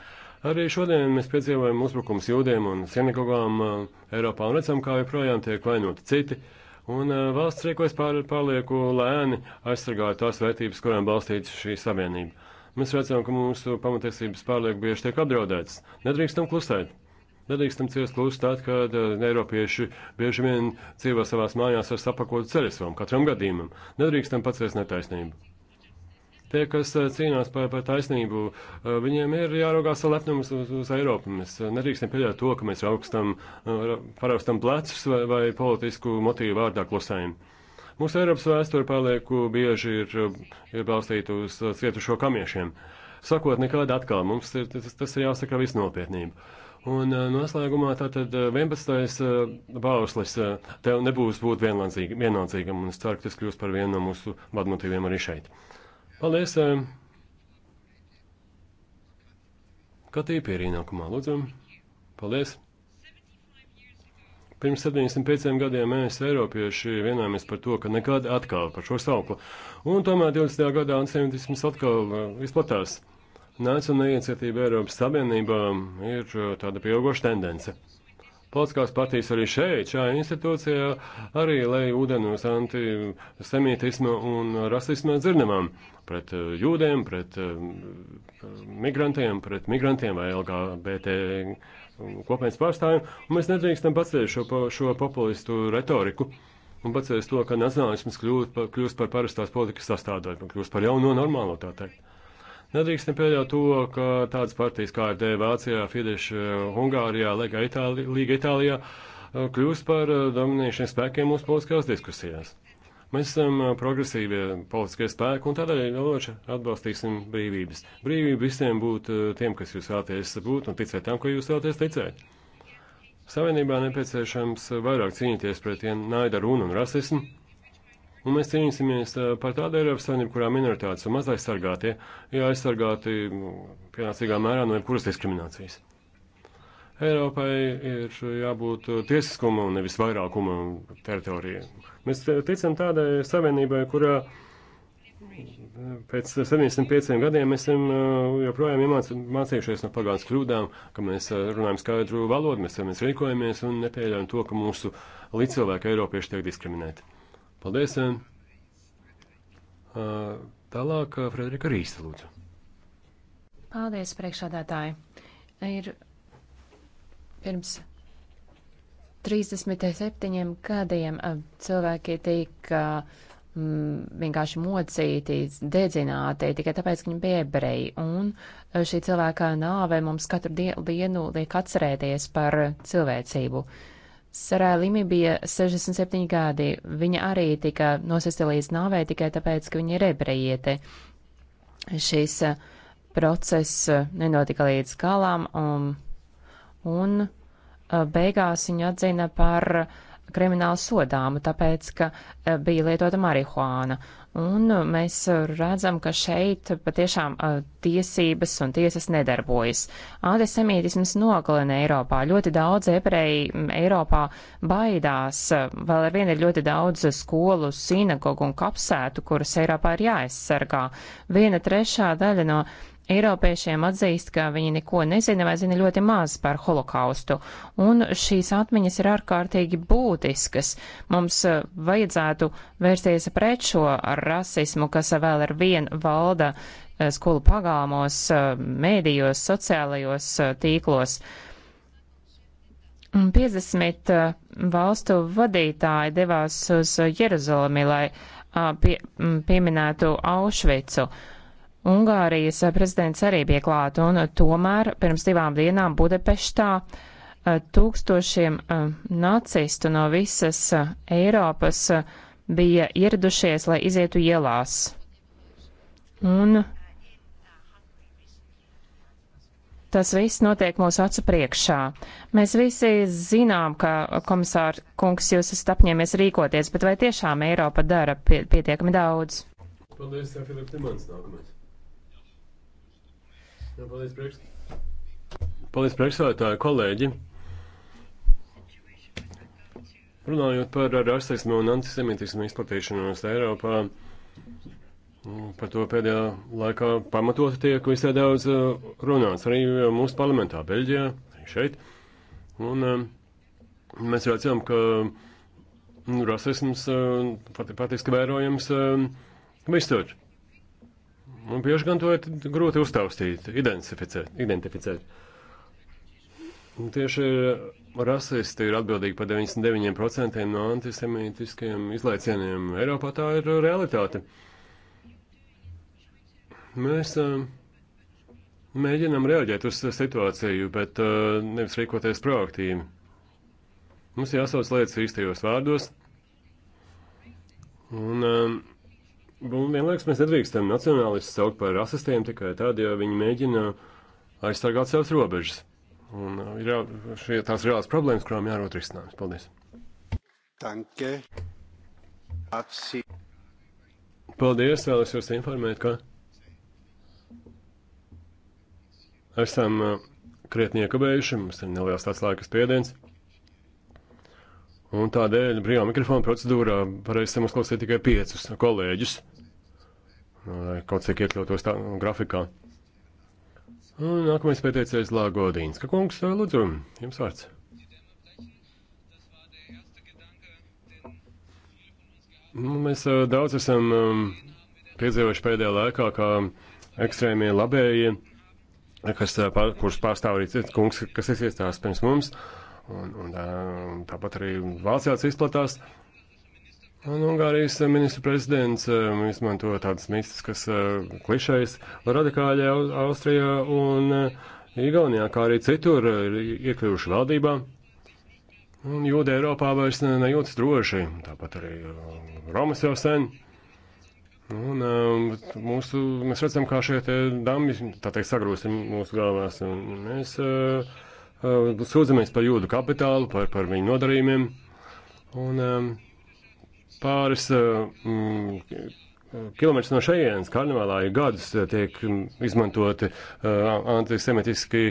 Arī šodien mēs piedzīvojam uzbrukums jūdiem un sinagogām eh, Eiropā un redzam, kā joprojām tiek vainoti citi. Un eh, valsts rīkojas pār, pārlieku lēni aizsargāt tās vērtības, kurām balstīts šī savienība. Mēs redzam, ka mūsu pamatiesības pārlieku bieži tiek apdraudētas. Nedrīkstam klusēt. Nedrīkstam ciest klusi tad, kad eh, Eiropieši bieži vien dzīvo savās mājās ar sapakotu ceļasvam, katram gadījumam. Nedrīkstam paciest netaisnību. Tie, kas eh, cīnās par, par taisnību, eh, viņiem ir jāraugās ar lepnumu uz, uz Eiropu. Mēs eh, nedrīkstam pieļaut to, ka mēs augstam, paraustam plecus vai, vai politisku motīvu vārdā klusējam. Mūsu Eiropas vēsture pārlieku bieži ir, ir balstīta uz cietušo kamiešiem. Sakot, nekad atkal mums ir, tas, tas ir jāsaka visnopietnība. Un noslēgumā tātad 11. bauslis tev nebūs būt vienlaicīgam, un es ceru, ka tas kļūs par vienu no mūsu vadmotīviem arī šeit. Paldies! Eh, Katīpī ir ienākumā, lūdzu. Paldies! Pirms 75 gadiem mēs, Eiropieši, vienojāmies par to, ka nekad atkal par šo sauklu. Un tomēr 20. gadā antisemitisms atkal eh, izplatās. Nacionāla iniciatīva Eiropas Savienībā ir eh, tāda pieaugoša tendence politiskās partijas arī šeit, šajā institūcijā, arī lēja ūdeni uz antisemītismu un rasismu dzirnamām pret eh, jūdiem, pret eh, migrantiem, pret migrantiem vai LGBT kopienas pārstāvjiem, un mēs nedrīkstam pacelt šo, šo populistu retoriku un pacelt to, ka nacionālisms kļūst par, kļūst par parastās politikas sastāvdaļu, kļūst par jauno normālo, tā teikt. Nedrīkstam pieļaut to, ka tādas partijas kā RD Vācijā, Fidesz eh, Hungārijā, Lega Itālijā, Līga eh, Itālijā kļūst par eh, dominējušiem spēkiem mūsu politiskajās diskusijās. Mēs esam progresīvie politiskie spēki, un tādēļ ļoti atbalstīsim brīvības. Brīvība visiem būt tiem, kas jūs vēlaties būt, un ticēt tam, ko jūs vēlaties ticēt. Savienībā nepieciešams vairāk cīnīties pret naida runu un rasismu Un mēs cīnīsimies eh, par tādu Eiropas Savienību, kurā minoritātes un mazai sargātie ir aizsargāti pienācīgā mērā no jebkuras diskriminācijas. Eiropai ir jābūt eh, tiesiskuma un nevis vairākuma teritorijai. Mēs eh, ticam tādai savienībai, kurā pēc 75 gadiem mēs esam joprojām mācījušies no pagātnes kļūdām, ka mēs runājam skaidru valodu, mēs, mēs rīkojamies un nepieļaujam to, ka mūsu līdzcilvēki Eiropieši tiek diskriminēti. Paldies. Tālāk, Frederika Rīsta, lūdzu. Paldies, priekšādātāji. Ir pirms 37 gadiem cilvēki tika mm, vienkārši mocīti, dedzināti tikai tāpēc, ka viņi bija ebreji. Un šī cilvēka nāve mums katru dienu liek atcerēties par cilvēcību. Uh, Sarā Limi bija 67 gadi. Viņa arī tika nosista līdz nāvē tikai tāpēc, ka viņa ir ebrejiete. Šis eh, process eh, nenotika līdz galām, um, un, un eh, beigās viņa atzina par uh, krimināli sodāmu, tāpēc, ka e, bija lietota marihuāna. Un e, mēs e, redzam, ka šeit patiešām tiesības un tiesas nedarbojas. Antisemītisms nogalina Eiropā. Ļoti daudz ebreji Eiropā baidās. Vēl ar vienu ir ļoti daudz skolu, sinagogu un kapsētu, kuras Eiropā ir jāaizsargā. Viena trešā daļa no Eiropiešiem atzīst, ka viņi neko nezina vai zina ļoti maz par holokaustu, un šīs atmiņas ir ārkārtīgi būtiskas. Mums eh, vajadzētu vērsties pret šo rasismu, kas vēl ar vienu valda eh, skolu pagalmos, eh, mēdījos, sociālajos tīklos. 50 valstu vadītāji devās uz Jeruzalemi, lai pie, pieminētu Aušvicu. Uh, Ungārijas prezidents arī bija klāt, un tomēr pirms divām dienām Budapeštā eh, tūkstošiem eh, nacistu no visas eh, Eiropas bija ieradušies, lai izietu ielās. Un tas viss notiek mūsu acu priekšā. Mēs visi zinām, ka komisār kungs jūs esat apņēmies rīkoties, bet vai tiešām Eiropa dara pie, pietiekami daudz? Paldies, Jāfilip Timans, nākamais. Paldies, priekšsēdētāji. Paldies, priekšsēdētāji, kolēģi. Runājot par rasismu un antisemitismu izplatīšanos Eiropā, mm, par to pēdējā laikā pamatot tiek visai daudz uh, runāts, arī uh, mūsu parlamentā, Beļģijā, arī šeit. Un um, mēs redzam, ka mm, rasisms uh, patiesībā vērojams um, visur. Un bieži gan to ir grūti uztaustīt, identificēt. identificēt. Un tieši rasisti ir atbildīgi par 99% no antisemītiskajiem izlaicieniem Eiropā. Tā ir realitāte. Mēs uh, mēģinam reaģēt uz situāciju, bet uh, nevis rīkoties proaktīvi. Mums jāsauc lietas īstajos vārdos. Un, uh, Un vienlaiks mēs nedrīkstam nacionālistus saukt par rasistiem tikai tad, ja viņi mēģina aizsargāt savas robežas. Un uh, ir jā, šie tās reālās problēmas, kurām jārot risinājums. Paldies! Tanke. Apsi. Paldies, vēlos jūs informēt, ka esam uh, krietni iekavējuši, mums ir neliels tāds laikas spiediens. Un tādēļ brīvā mikrofona procedūrā varēsim uzklausīt tikai piecus kolēģus, lai kaut cik iekļautos tā grafikā. Un nākamais pētēcējs Lāgodīns. Ka kungs, lūdzu, jums vārds. Nu, mēs daudz esam piedzīvojuši pēdējā laikā, kā ekstrēmie labējie, kas, pār, kurus pārstāv arī cits kungs, kas iestās pirms mums. Uh, Un, un, un tāpat arī Vācijā tas izplatās. Un Ungārijas ministra prezidents izmanto tādas mistiskas klišejas radikāļi Austrijā un Igaunijā, kā arī citur ir iekļuvuši valdībā. Un jūda Eiropā vairs nejūtas droši, tāpat arī Romas jau sen. Un mūsu, mēs redzam, kā šie dami, tā teikt, sagrūst mūsu galvās. Un mēs uh, Uh, sūdzamies par jūdu kapitālu, par, par viņu nodarījumiem. Un um, pāris um, uh, mm, kilometrus no šejienes karnevālā ir gadus uh, tiek mm, izmantoti uh, antisemitiski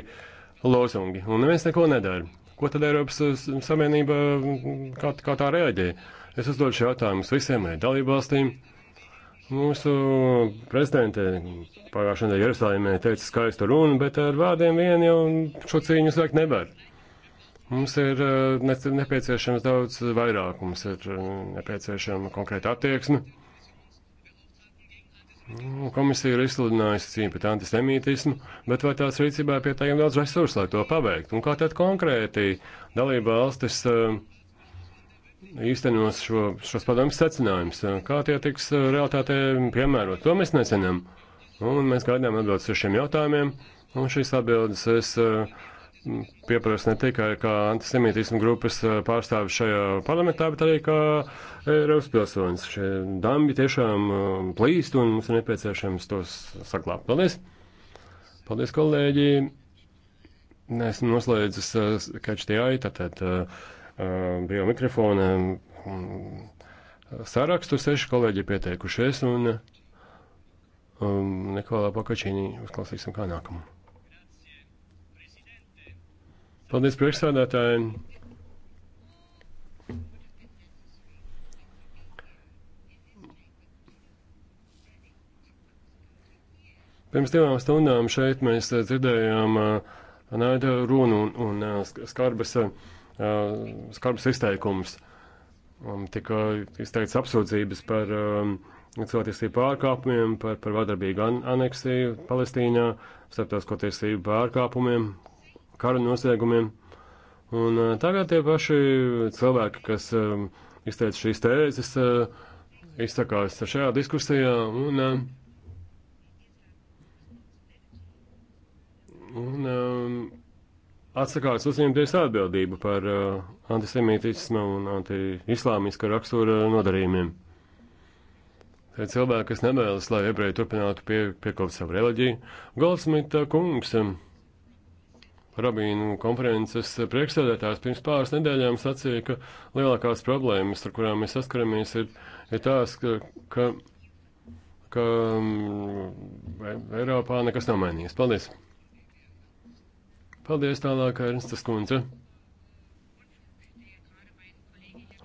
lozungi. Un neviens neko nedara. Ko tad Eiropas Savienība, mm, kā, kā tā reaģē? Es uzdodu šo jautājumu visiem dalībvalstīm. valstīm Mūsu prezidente pagājušajā nedēļā Jeruzalemē teica skaistu runu, bet ar vārdiem vien jau šo cīņu slēgt nevar. Mums ir eh, nepieciešams daudz vairāk, mums ir eh, nepieciešama konkrēta attieksme. Nu, komisija ir izsludinājusi cīņu pret antisemītismu, bet vai tās rīcībā ir pietiekami daudz resursu, lai to pabeigtu? Un kā tad konkrēti dalība valstis uh, īstenos šo, šos padomus secinājumus. Kā tie tiks eh, realitātē piemērot, to mēs nesenam. Un mēs gaidām atbildes uz šiem jautājumiem, un šīs atbildes es eh, pieprasu ne tikai kā antisemītismu grupas eh, pārstāvis šajā parlamentā, bet arī kā Eiropas pilsonis. Šie dambi tiešām plīst, un mums ir nepieciešams tos saglābt. Paldies! Paldies, kolēģi! Esmu noslēdzis Catch the Eye, tātad. Uh, brīvā mikrofona sarakstu. Seši kolēģi ir pieteikušies, un um, Nikolā Pakačīnī uzklausīsim kā nākamu. Paldies priekšsādātājiem! Pirms divām stundām šeit mēs dzirdējām uh, naida runu un, un uh, skarbas. Uh, Eh, skarbs izteikums. Um, tika izteikts apsūdzības par um, cilvēktiesību pārkāpumiem, par, par vardarbīgu an aneksiju Palestīnā, starptautisko tiesību pārkāpumiem, kara noziegumiem. Un uh, tagad tie paši cilvēki, kas um, izteica šīs tēzes, uh, izsakās šajā diskusijā. Un, uh, atsakās uzņemties atbildību par uh, antisemītismu un anti-islāmiska rakstura nodarījumiem. Tie cilvēki, kas nevēlas, lai ebreji turpinātu pie, piekopt savu reliģiju, Goldsmita kungs, um, rabīnu konferences priekšsēdētājs pirms pāris nedēļām sacīja, ka lielākās problēmas, ar kurām mēs saskaramies, ir, ir tās, ka, ka, ka um, Eiropā nekas nav mainījies. Paldies! Paldies tālāk, Ernstas kundze.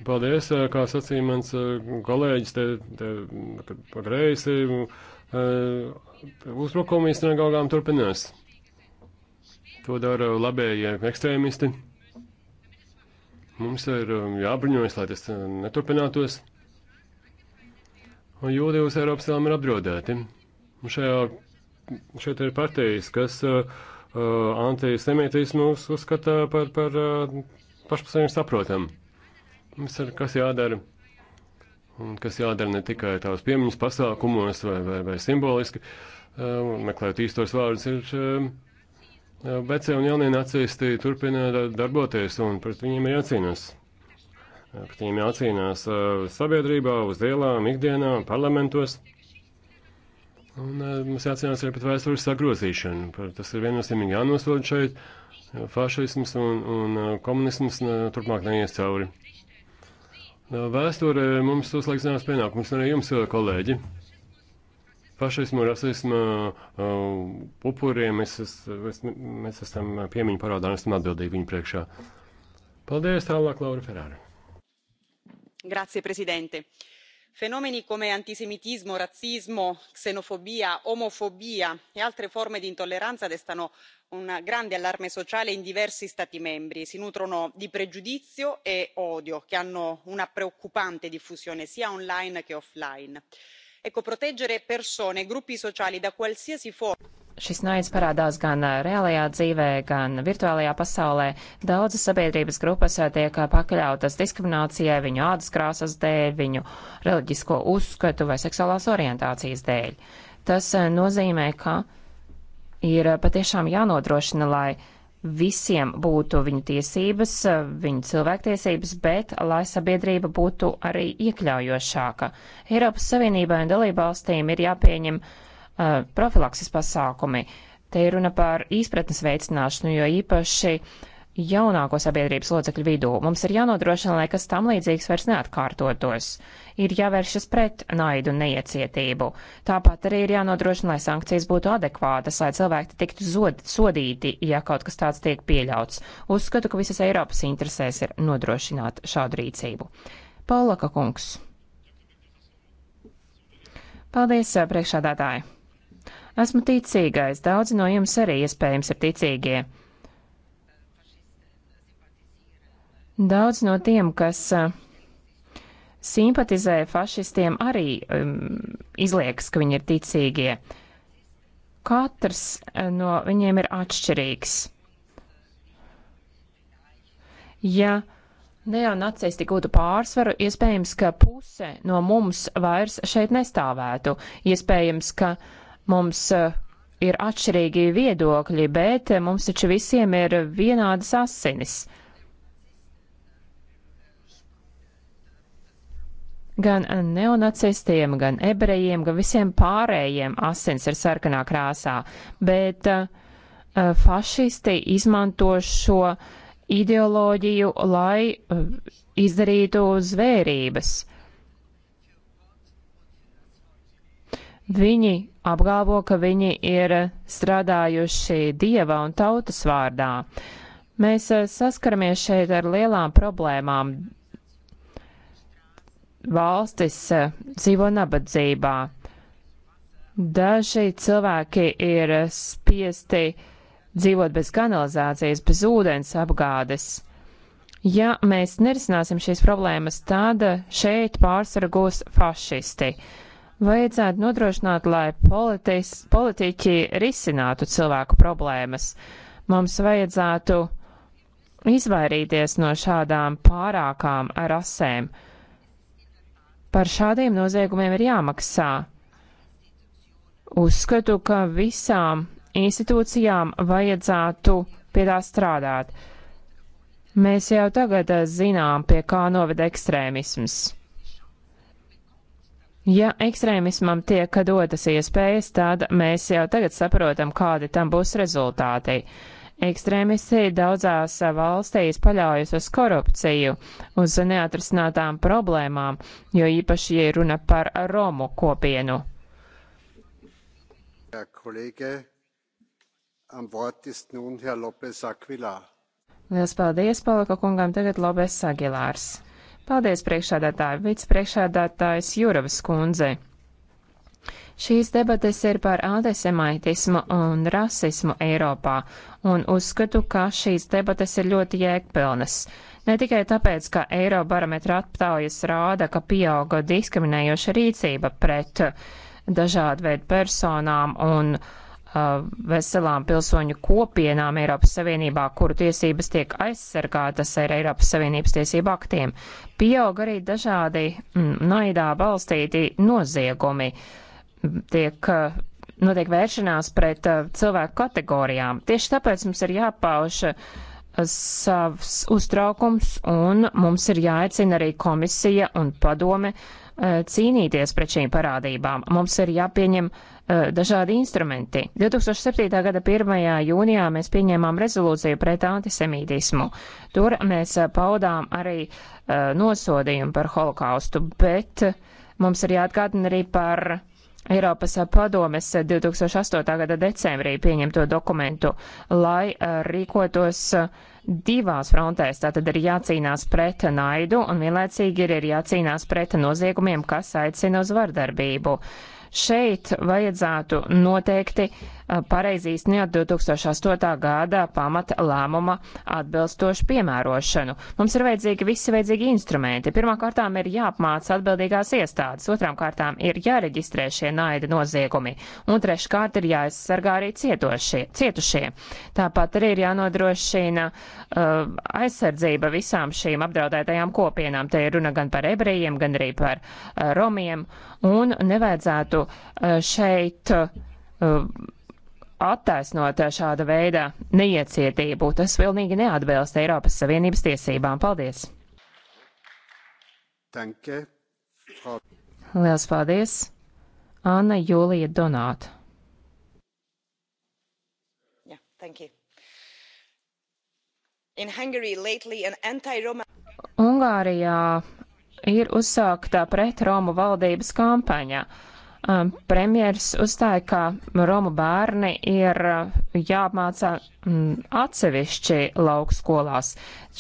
Paldies, kā sacīja mans kolēģis, te, te pagreisi, uzbrukumi sinagogām turpinās. To dara labējie ekstrēmisti. Mums ir jābruņojas, lai tas neturpinātos. Un jūdzi uz Eiropas tēlām ir apdraudēti. Un šajā, šeit ir partijas, kas uh, Eh, antisemītismu uzskata par, par eh, pašpasējumu saprotamu. Mums ir kas jādara, un kas jādara ne tikai tās piemiņas pasākumos vai, vai, vai simboliski, eh, meklēt īstos vārdus, ir vecie un jaunie nacisti turpina darboties, un pret viņiem ir jācīnās. Pret viņiem jācīnās sabiedrībā, uz ielām, ikdienā, parlamentos. Un eh, mums jāatcerās arī par vēstures sagrozīšanu. Tas ir viennozīmīgi jānosod šeit. Eh, fašisms un, un eh, komunisms ne, turpmāk neies cauri. Vēsture mums uzliek zināmas pienākumus, arī jums, kolēģi. Fašismu, rasismu upuriem mēs, mēs, mēs esam piemiņu parādā un esam atbildīgi viņu priekšā. Paldies, tālāk Laura Ferrara. Grazie, prezidente. Uh, fenomeni come antisemitismo razzismo xenofobia omofobia e altre forme di intolleranza destano un grande allarme sociale in diversi stati membri si nutrono di pregiudizio e odio che hanno una preoccupante diffusione sia online che offline. proteggere persone e gruppi sociali da qualsiasi. Šis naids parādās gan reālajā dzīvē, gan virtuālajā pasaulē. Daudzas sabiedrības grupas tiek pakļautas diskriminācijai viņu ādas krāsas dēļ, viņu reliģisko uzskatu vai seksuālās orientācijas dēļ. Tas nozīmē, ka ir patiešām jānodrošina, lai visiem būtu viņu tiesības, viņu cilvēktiesības, bet lai sabiedrība būtu arī iekļaujošāka. Eiropas Savienībai un dalībvalstīm ir jāpieņem uh, Uh, profilakses pasākumi. Te ir runa par izpratnes veicināšanu, jo īpaši jaunāko sabiedrības locekļu vidū mums ir jānodrošina, lai kas tam līdzīgs vairs neatkārtotos. Ir jāvēršas pret naidu un neiecietību. Tāpat arī ir jānodrošina, lai sankcijas būtu adekvātas, lai cilvēki tiktu zod, sodīti, ja kaut kas tāds tiek pieļauts. Uzskatu, ka visas Eiropas interesēs ir nodrošināt šādu rīcību. Paulaka kungs. Paldies, uh, priekšādātāji! Esmu ticīgais, daudzi no jums arī iespējams ir ticīgie. Daudz no tiem, kas uh, simpatizē fašistiem, arī um, izliekas, ka viņi ir ticīgie. Katrs uh, no viņiem ir atšķirīgs. Ja neonacisti gūtu pārsvaru, iespējams, ka puse no mums vairs šeit nestāvētu. Iespējams, ka uh, Mums eh, ir atšķirīgi viedokļi, bet eh, mums taču visiem ir vienādas asinis. Gan neonacistiem, gan ebrejiem, gan visiem pārējiem asins ir sarkanā krāsā, bet uh, fašisti izmanto šo ideoloģiju, lai uh, izdarītu zvērības. Uh, Viņi apgalvo, ka viņi ir strādājuši dieva un tautas vārdā. Mēs eh, saskaramies šeit ar lielām problēmām. Valstis eh, dzīvo nabadzībā. Daži cilvēki ir spiesti dzīvot bez kanalizācijas, bez ūdens apgādes. Ja mēs nerisināsim šīs problēmas, tad šeit pārsvarā gūs fašisti. Vajadzētu nodrošināt, lai politis, politiķi risinātu cilvēku problēmas. Mums vajadzētu izvairīties no šādām pārākām rasēm. Par šādiem noziegumiem ir jāmaksā. Uzskatu, ka visām institūcijām vajadzētu pie tā strādāt. Mēs jau tagad zinām, pie kā noved ekstrēmisms. Ja ekstrēmismam tiek dotas iespējas, tad mēs jau tagad saprotam, kādi tam būs rezultāti. Ekstrēmisti daudzās valstīs paļaujas uz korupciju, uz neatrisinātām problēmām, jo īpaši, ja runa par Romu kopienu. Ja, kolēģe, am Wort ist nun Herr Lopes Aquilar. Lielas paldies, Palaka kungam, tagad Lopes Agilārs. Paldies priekšādātāju, vicepriekšādātājs Juravas kundzei. Šīs debates ir par antisemītismu un rasismu Eiropā, un uzskatu, ka šīs debates ir ļoti jēgpilnas. Ne tikai tāpēc, ka Eirobarometra aptaujas rāda, ka pieauga diskriminējoša rīcība pret dažādu veidu personām un uh, Uh, veselām pilsoņu kopienām Eiropas Savienībā, kuru tiesības tiek aizsargātas ar Eiropas Savienības tiesību aktiem. Pieaug arī dažādi mm, naidā balstīti noziegumi. Tiek uh, notiek vēršanās pret uh, cilvēku kategorijām. Tieši tāpēc mums ir jāpauž savs uztraukums un mums ir jāicina arī komisija un padome Eh, cīnīties pret šīm parādībām. Mums ir jāpieņem eh, dažādi instrumenti. 2007. gada 1. jūnijā mēs pieņēmām rezolūciju pret antisemītismu. Tur mēs eh, paudām arī nosodījumu par holokaustu, bet mums ir jāatgādina arī par Eiropas padomes 2008. gada decembrī pieņemto dokumentu, lai rīkotos uh, divās frontēs. Tātad ir jācīnās pret naidu un vienlaicīgi ir, ir jācīnās pret noziegumiem, kas aicina uz vardarbību. Šeit vajadzētu noteikti pareizi īstenot 2008. gada pamata lēmuma atbilstošu piemērošanu. Mums ir vajadzīgi visi vajadzīgi instrumenti. Pirmkārtām ir jāapmāca atbildīgās iestādes, otrām kārtām ir jāreģistrē šie naida noziegumi, un treškārt ir jāaizsargā arī cietošie, cietušie. Tāpat arī ir jānodrošina uh, aizsardzība visām šīm apdraudētajām kopienām. Te ir runa gan par ebrejiem, gan arī par uh, romiem, un nevajadzētu uh, šeit. Uh, attaisnot šāda veida neiecietību. Tas pilnīgi neatbilst Eiropas Savienības tiesībām. Paldies! Danke, Frau... Liels paldies! Anna Jūlija Donāta. Yeah, thank you. In Hungary lately an anti-Roma... Ungārijā ir uzsākta pret Romu valdības kampaņa. Uh, Um, premjers uzstāja, ka Romu bērni ir uh, jāapmācā mm, atsevišķi laukskolās.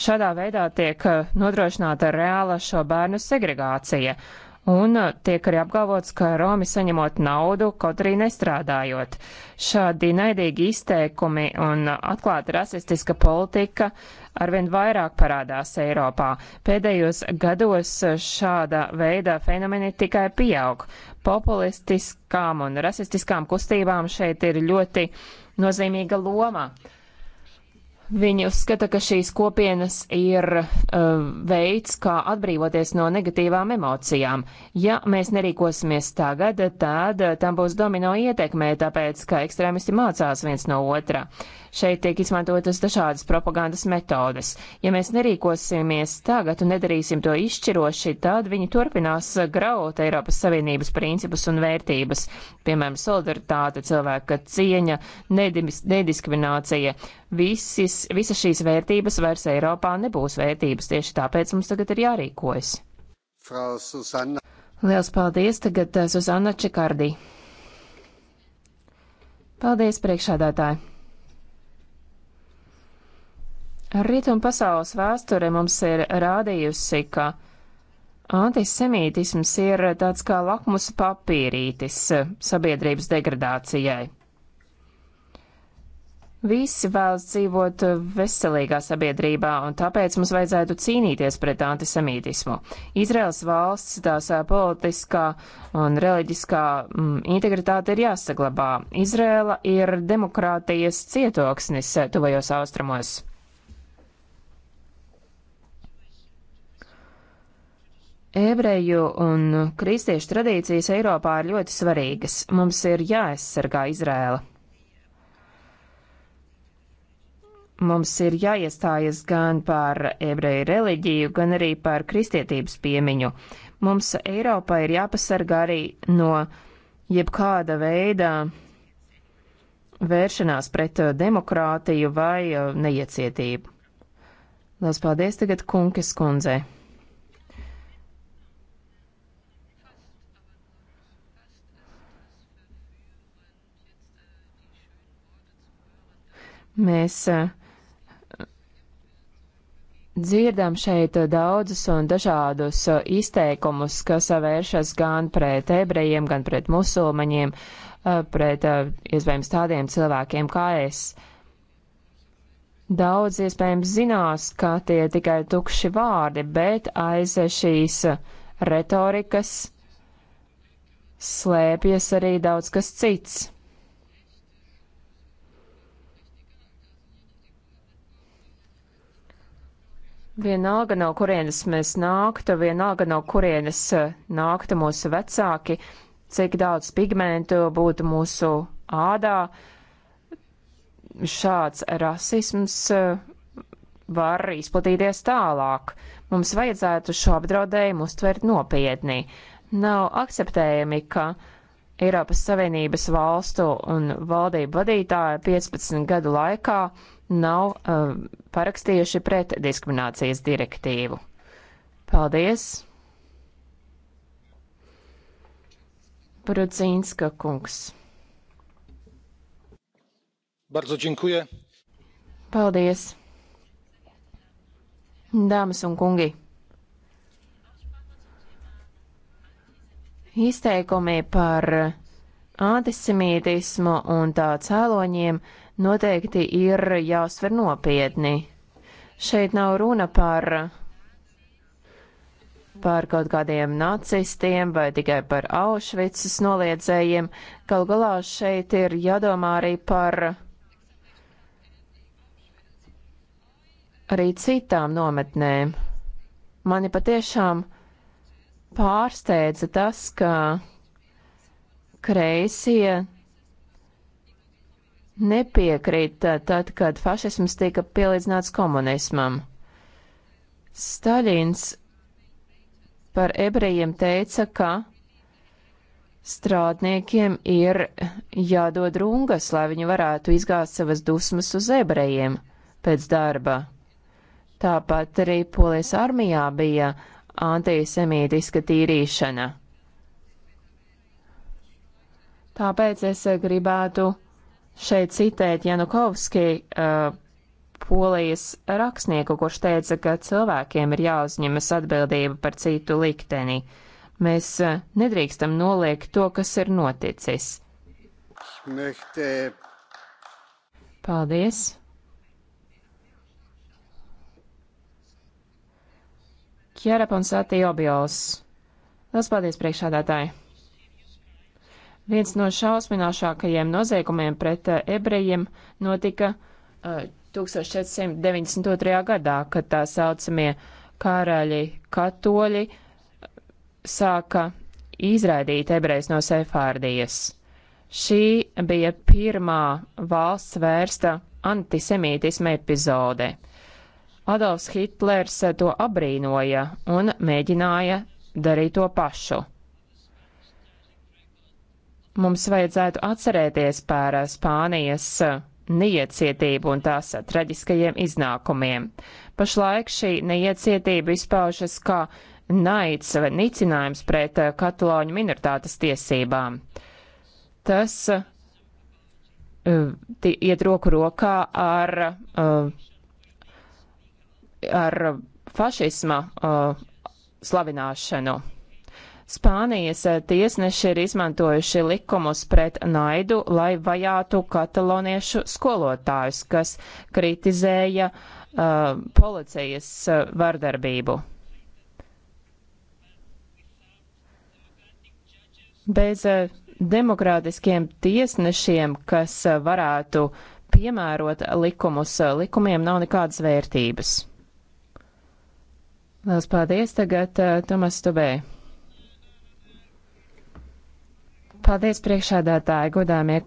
Šādā veidā tiek uh, nodrošināta reāla šo bērnu segregācija. Un uh, tiek arī apgalvots, ka Romi saņemot naudu, kaut arī nestrādājot. Šādi naidīgi izteikumi un uh, atklāta rasistiska politika arvien vairāk parādās Eiropā. Pēdējos gados uh, šāda veida fenomeni tikai pieaug. Populistiskām un rasistiskām kustībām šeit ir ļoti nozīmīga loma. Uh, Viņi uzskata, ka šīs kopienas ir uh, veids, kā atbrīvoties no negatīvām emocijām. Ja mēs nerīkosimies tagad, tad uh, tam būs domino ietekmē, tāpēc, ka ekstrēmisti mācās viens no otra. Šeit tiek izmantotas dažādas propagandas metodes. Ja mēs nerīkosimies tagad un nedarīsim to izšķiroši, tad viņi turpinās graut Eiropas Savienības principus un vērtības, piemēram, solidaritāte, cilvēka cieņa, nediskriminācija visis, visas šīs vērtības vairs Eiropā nebūs vērtības, tieši tāpēc mums tagad ir jārīkojas. Liels paldies tagad eh, Suzanna Čekardī. Paldies, priekšādātāji! Rietumu pasaules vēsture mums ir rādījusi, ka antisemītisms ir tāds kā lakmus papīrītis sabiedrības degradācijai. Visi vēlas dzīvot veselīgā sabiedrībā, un tāpēc mums vajadzētu cīnīties pret antisemītismu. Izraels valsts, tās politiskā un reliģiskā mm, integritāte ir jāsaglabā. Izraela ir demokrātijas cietoksnis tuvajos austrumos. Ebreju un kristiešu tradīcijas Eiropā ir ļoti svarīgas. Mums ir jāaizsargā Izraela. mums ir jāiestājas gan par ebreju reliģiju, gan arī par kristietības piemiņu. Mums Eiropā ir jāpasargā arī no jebkāda veida vēršanās pret uh, demokrātiju vai uh, neiecietību. Lielas paldies tagad Kunkes kundzei. Mēs uh, Dzirdam šeit daudzus un dažādus uh, izteikumus, kas uh, vēršas gan pret ebrejiem, gan pret musulmaņiem, uh, pret iespējams tādiem cilvēkiem kā es. Daudz iespējams zinās, ka tie ir tikai tukši vārdi, bet aiz šīs retorikas slēpjas arī daudz kas cits. Vienalga no kurienes mēs nāktu, vienalga no kurienes eh, nāktu mūsu vecāki, cik daudz pigmentu būtu mūsu ādā, šāds rasisms eh, var izplatīties tālāk. Mums vajadzētu šo apdraudējumu uztvert nopietni. Nav akceptējami, ka Eiropas Savienības valstu un valdību vadītāji 15 gadu laikā nav uh, parakstījuši pret diskriminācijas direktīvu. Paldies! Prudzīnska kungs. Bardzo dziękuję. Paldies! Dāmas un kungi! Izteikumi par antisemītismu un tā cēloņiem noteikti ir jāsver nopietni. Šeit nav runa par, par kaut kādiem nacistiem vai tikai par Aušvicas noliedzējiem. Galu galā šeit ir jādomā arī par arī citām nometnēm. Mani patiešām pārsteidza tas, ka kreisie nepiekrīt eh, tad, kad fašisms tika pielīdzināts komunismam. Staļins par ebrejiem teica, ka strādniekiem ir jādod rungas, lai viņi varētu izgāzt savas dusmas uz ebrejiem pēc darba. Tāpat arī polijas armijā bija antisemītiska tīrīšana. Tāpēc es gribētu šeit citēt Janukovski, uh, polijas rakstnieku, kurš teica, ka cilvēkiem ir jāuzņemas atbildība par citu likteni. Mēs uh, nedrīkstam noliegt to, kas ir noticis. Mekte. Paldies! Kjara Ponsāti Obiols. Lielas paldies priekšādātāji! Viens no šausminošākajiem noziegumiem pret eh, ebrejiem notika 1492. Eh, gadā, kad tā saucamie karaļi katoļi eh, sāka izraidīt ebrejus no Sefārdijas. Šī bija pirmā valsts vērsta antisemītisma epizode. Adolfs Hitlers to abrīnoja un mēģināja darīt to pašu. Mums vajadzētu atcerēties par Spānijas neiecietību un tās traģiskajiem iznākumiem. Pašlaik šī neiecietība izpaužas kā naids vai nicinājums pret katalāņu minoritātes tiesībām. Tas uh, iet roku rokā ar, uh, ar fašisma uh, slavināšanu. Spānijas eh, tiesneši ir izmantojuši likumus pret naidu, lai vajātu kataloniešu skolotājus, kas kritizēja uh, policijas uh, vardarbību. Bez uh, demokrātiskiem tiesnešiem, kas varētu piemērot likumus, likumiem nav nekādas vērtības. Lielas paldies tagad, Tomas Tobē. Paldies priekšādātāji, godāmie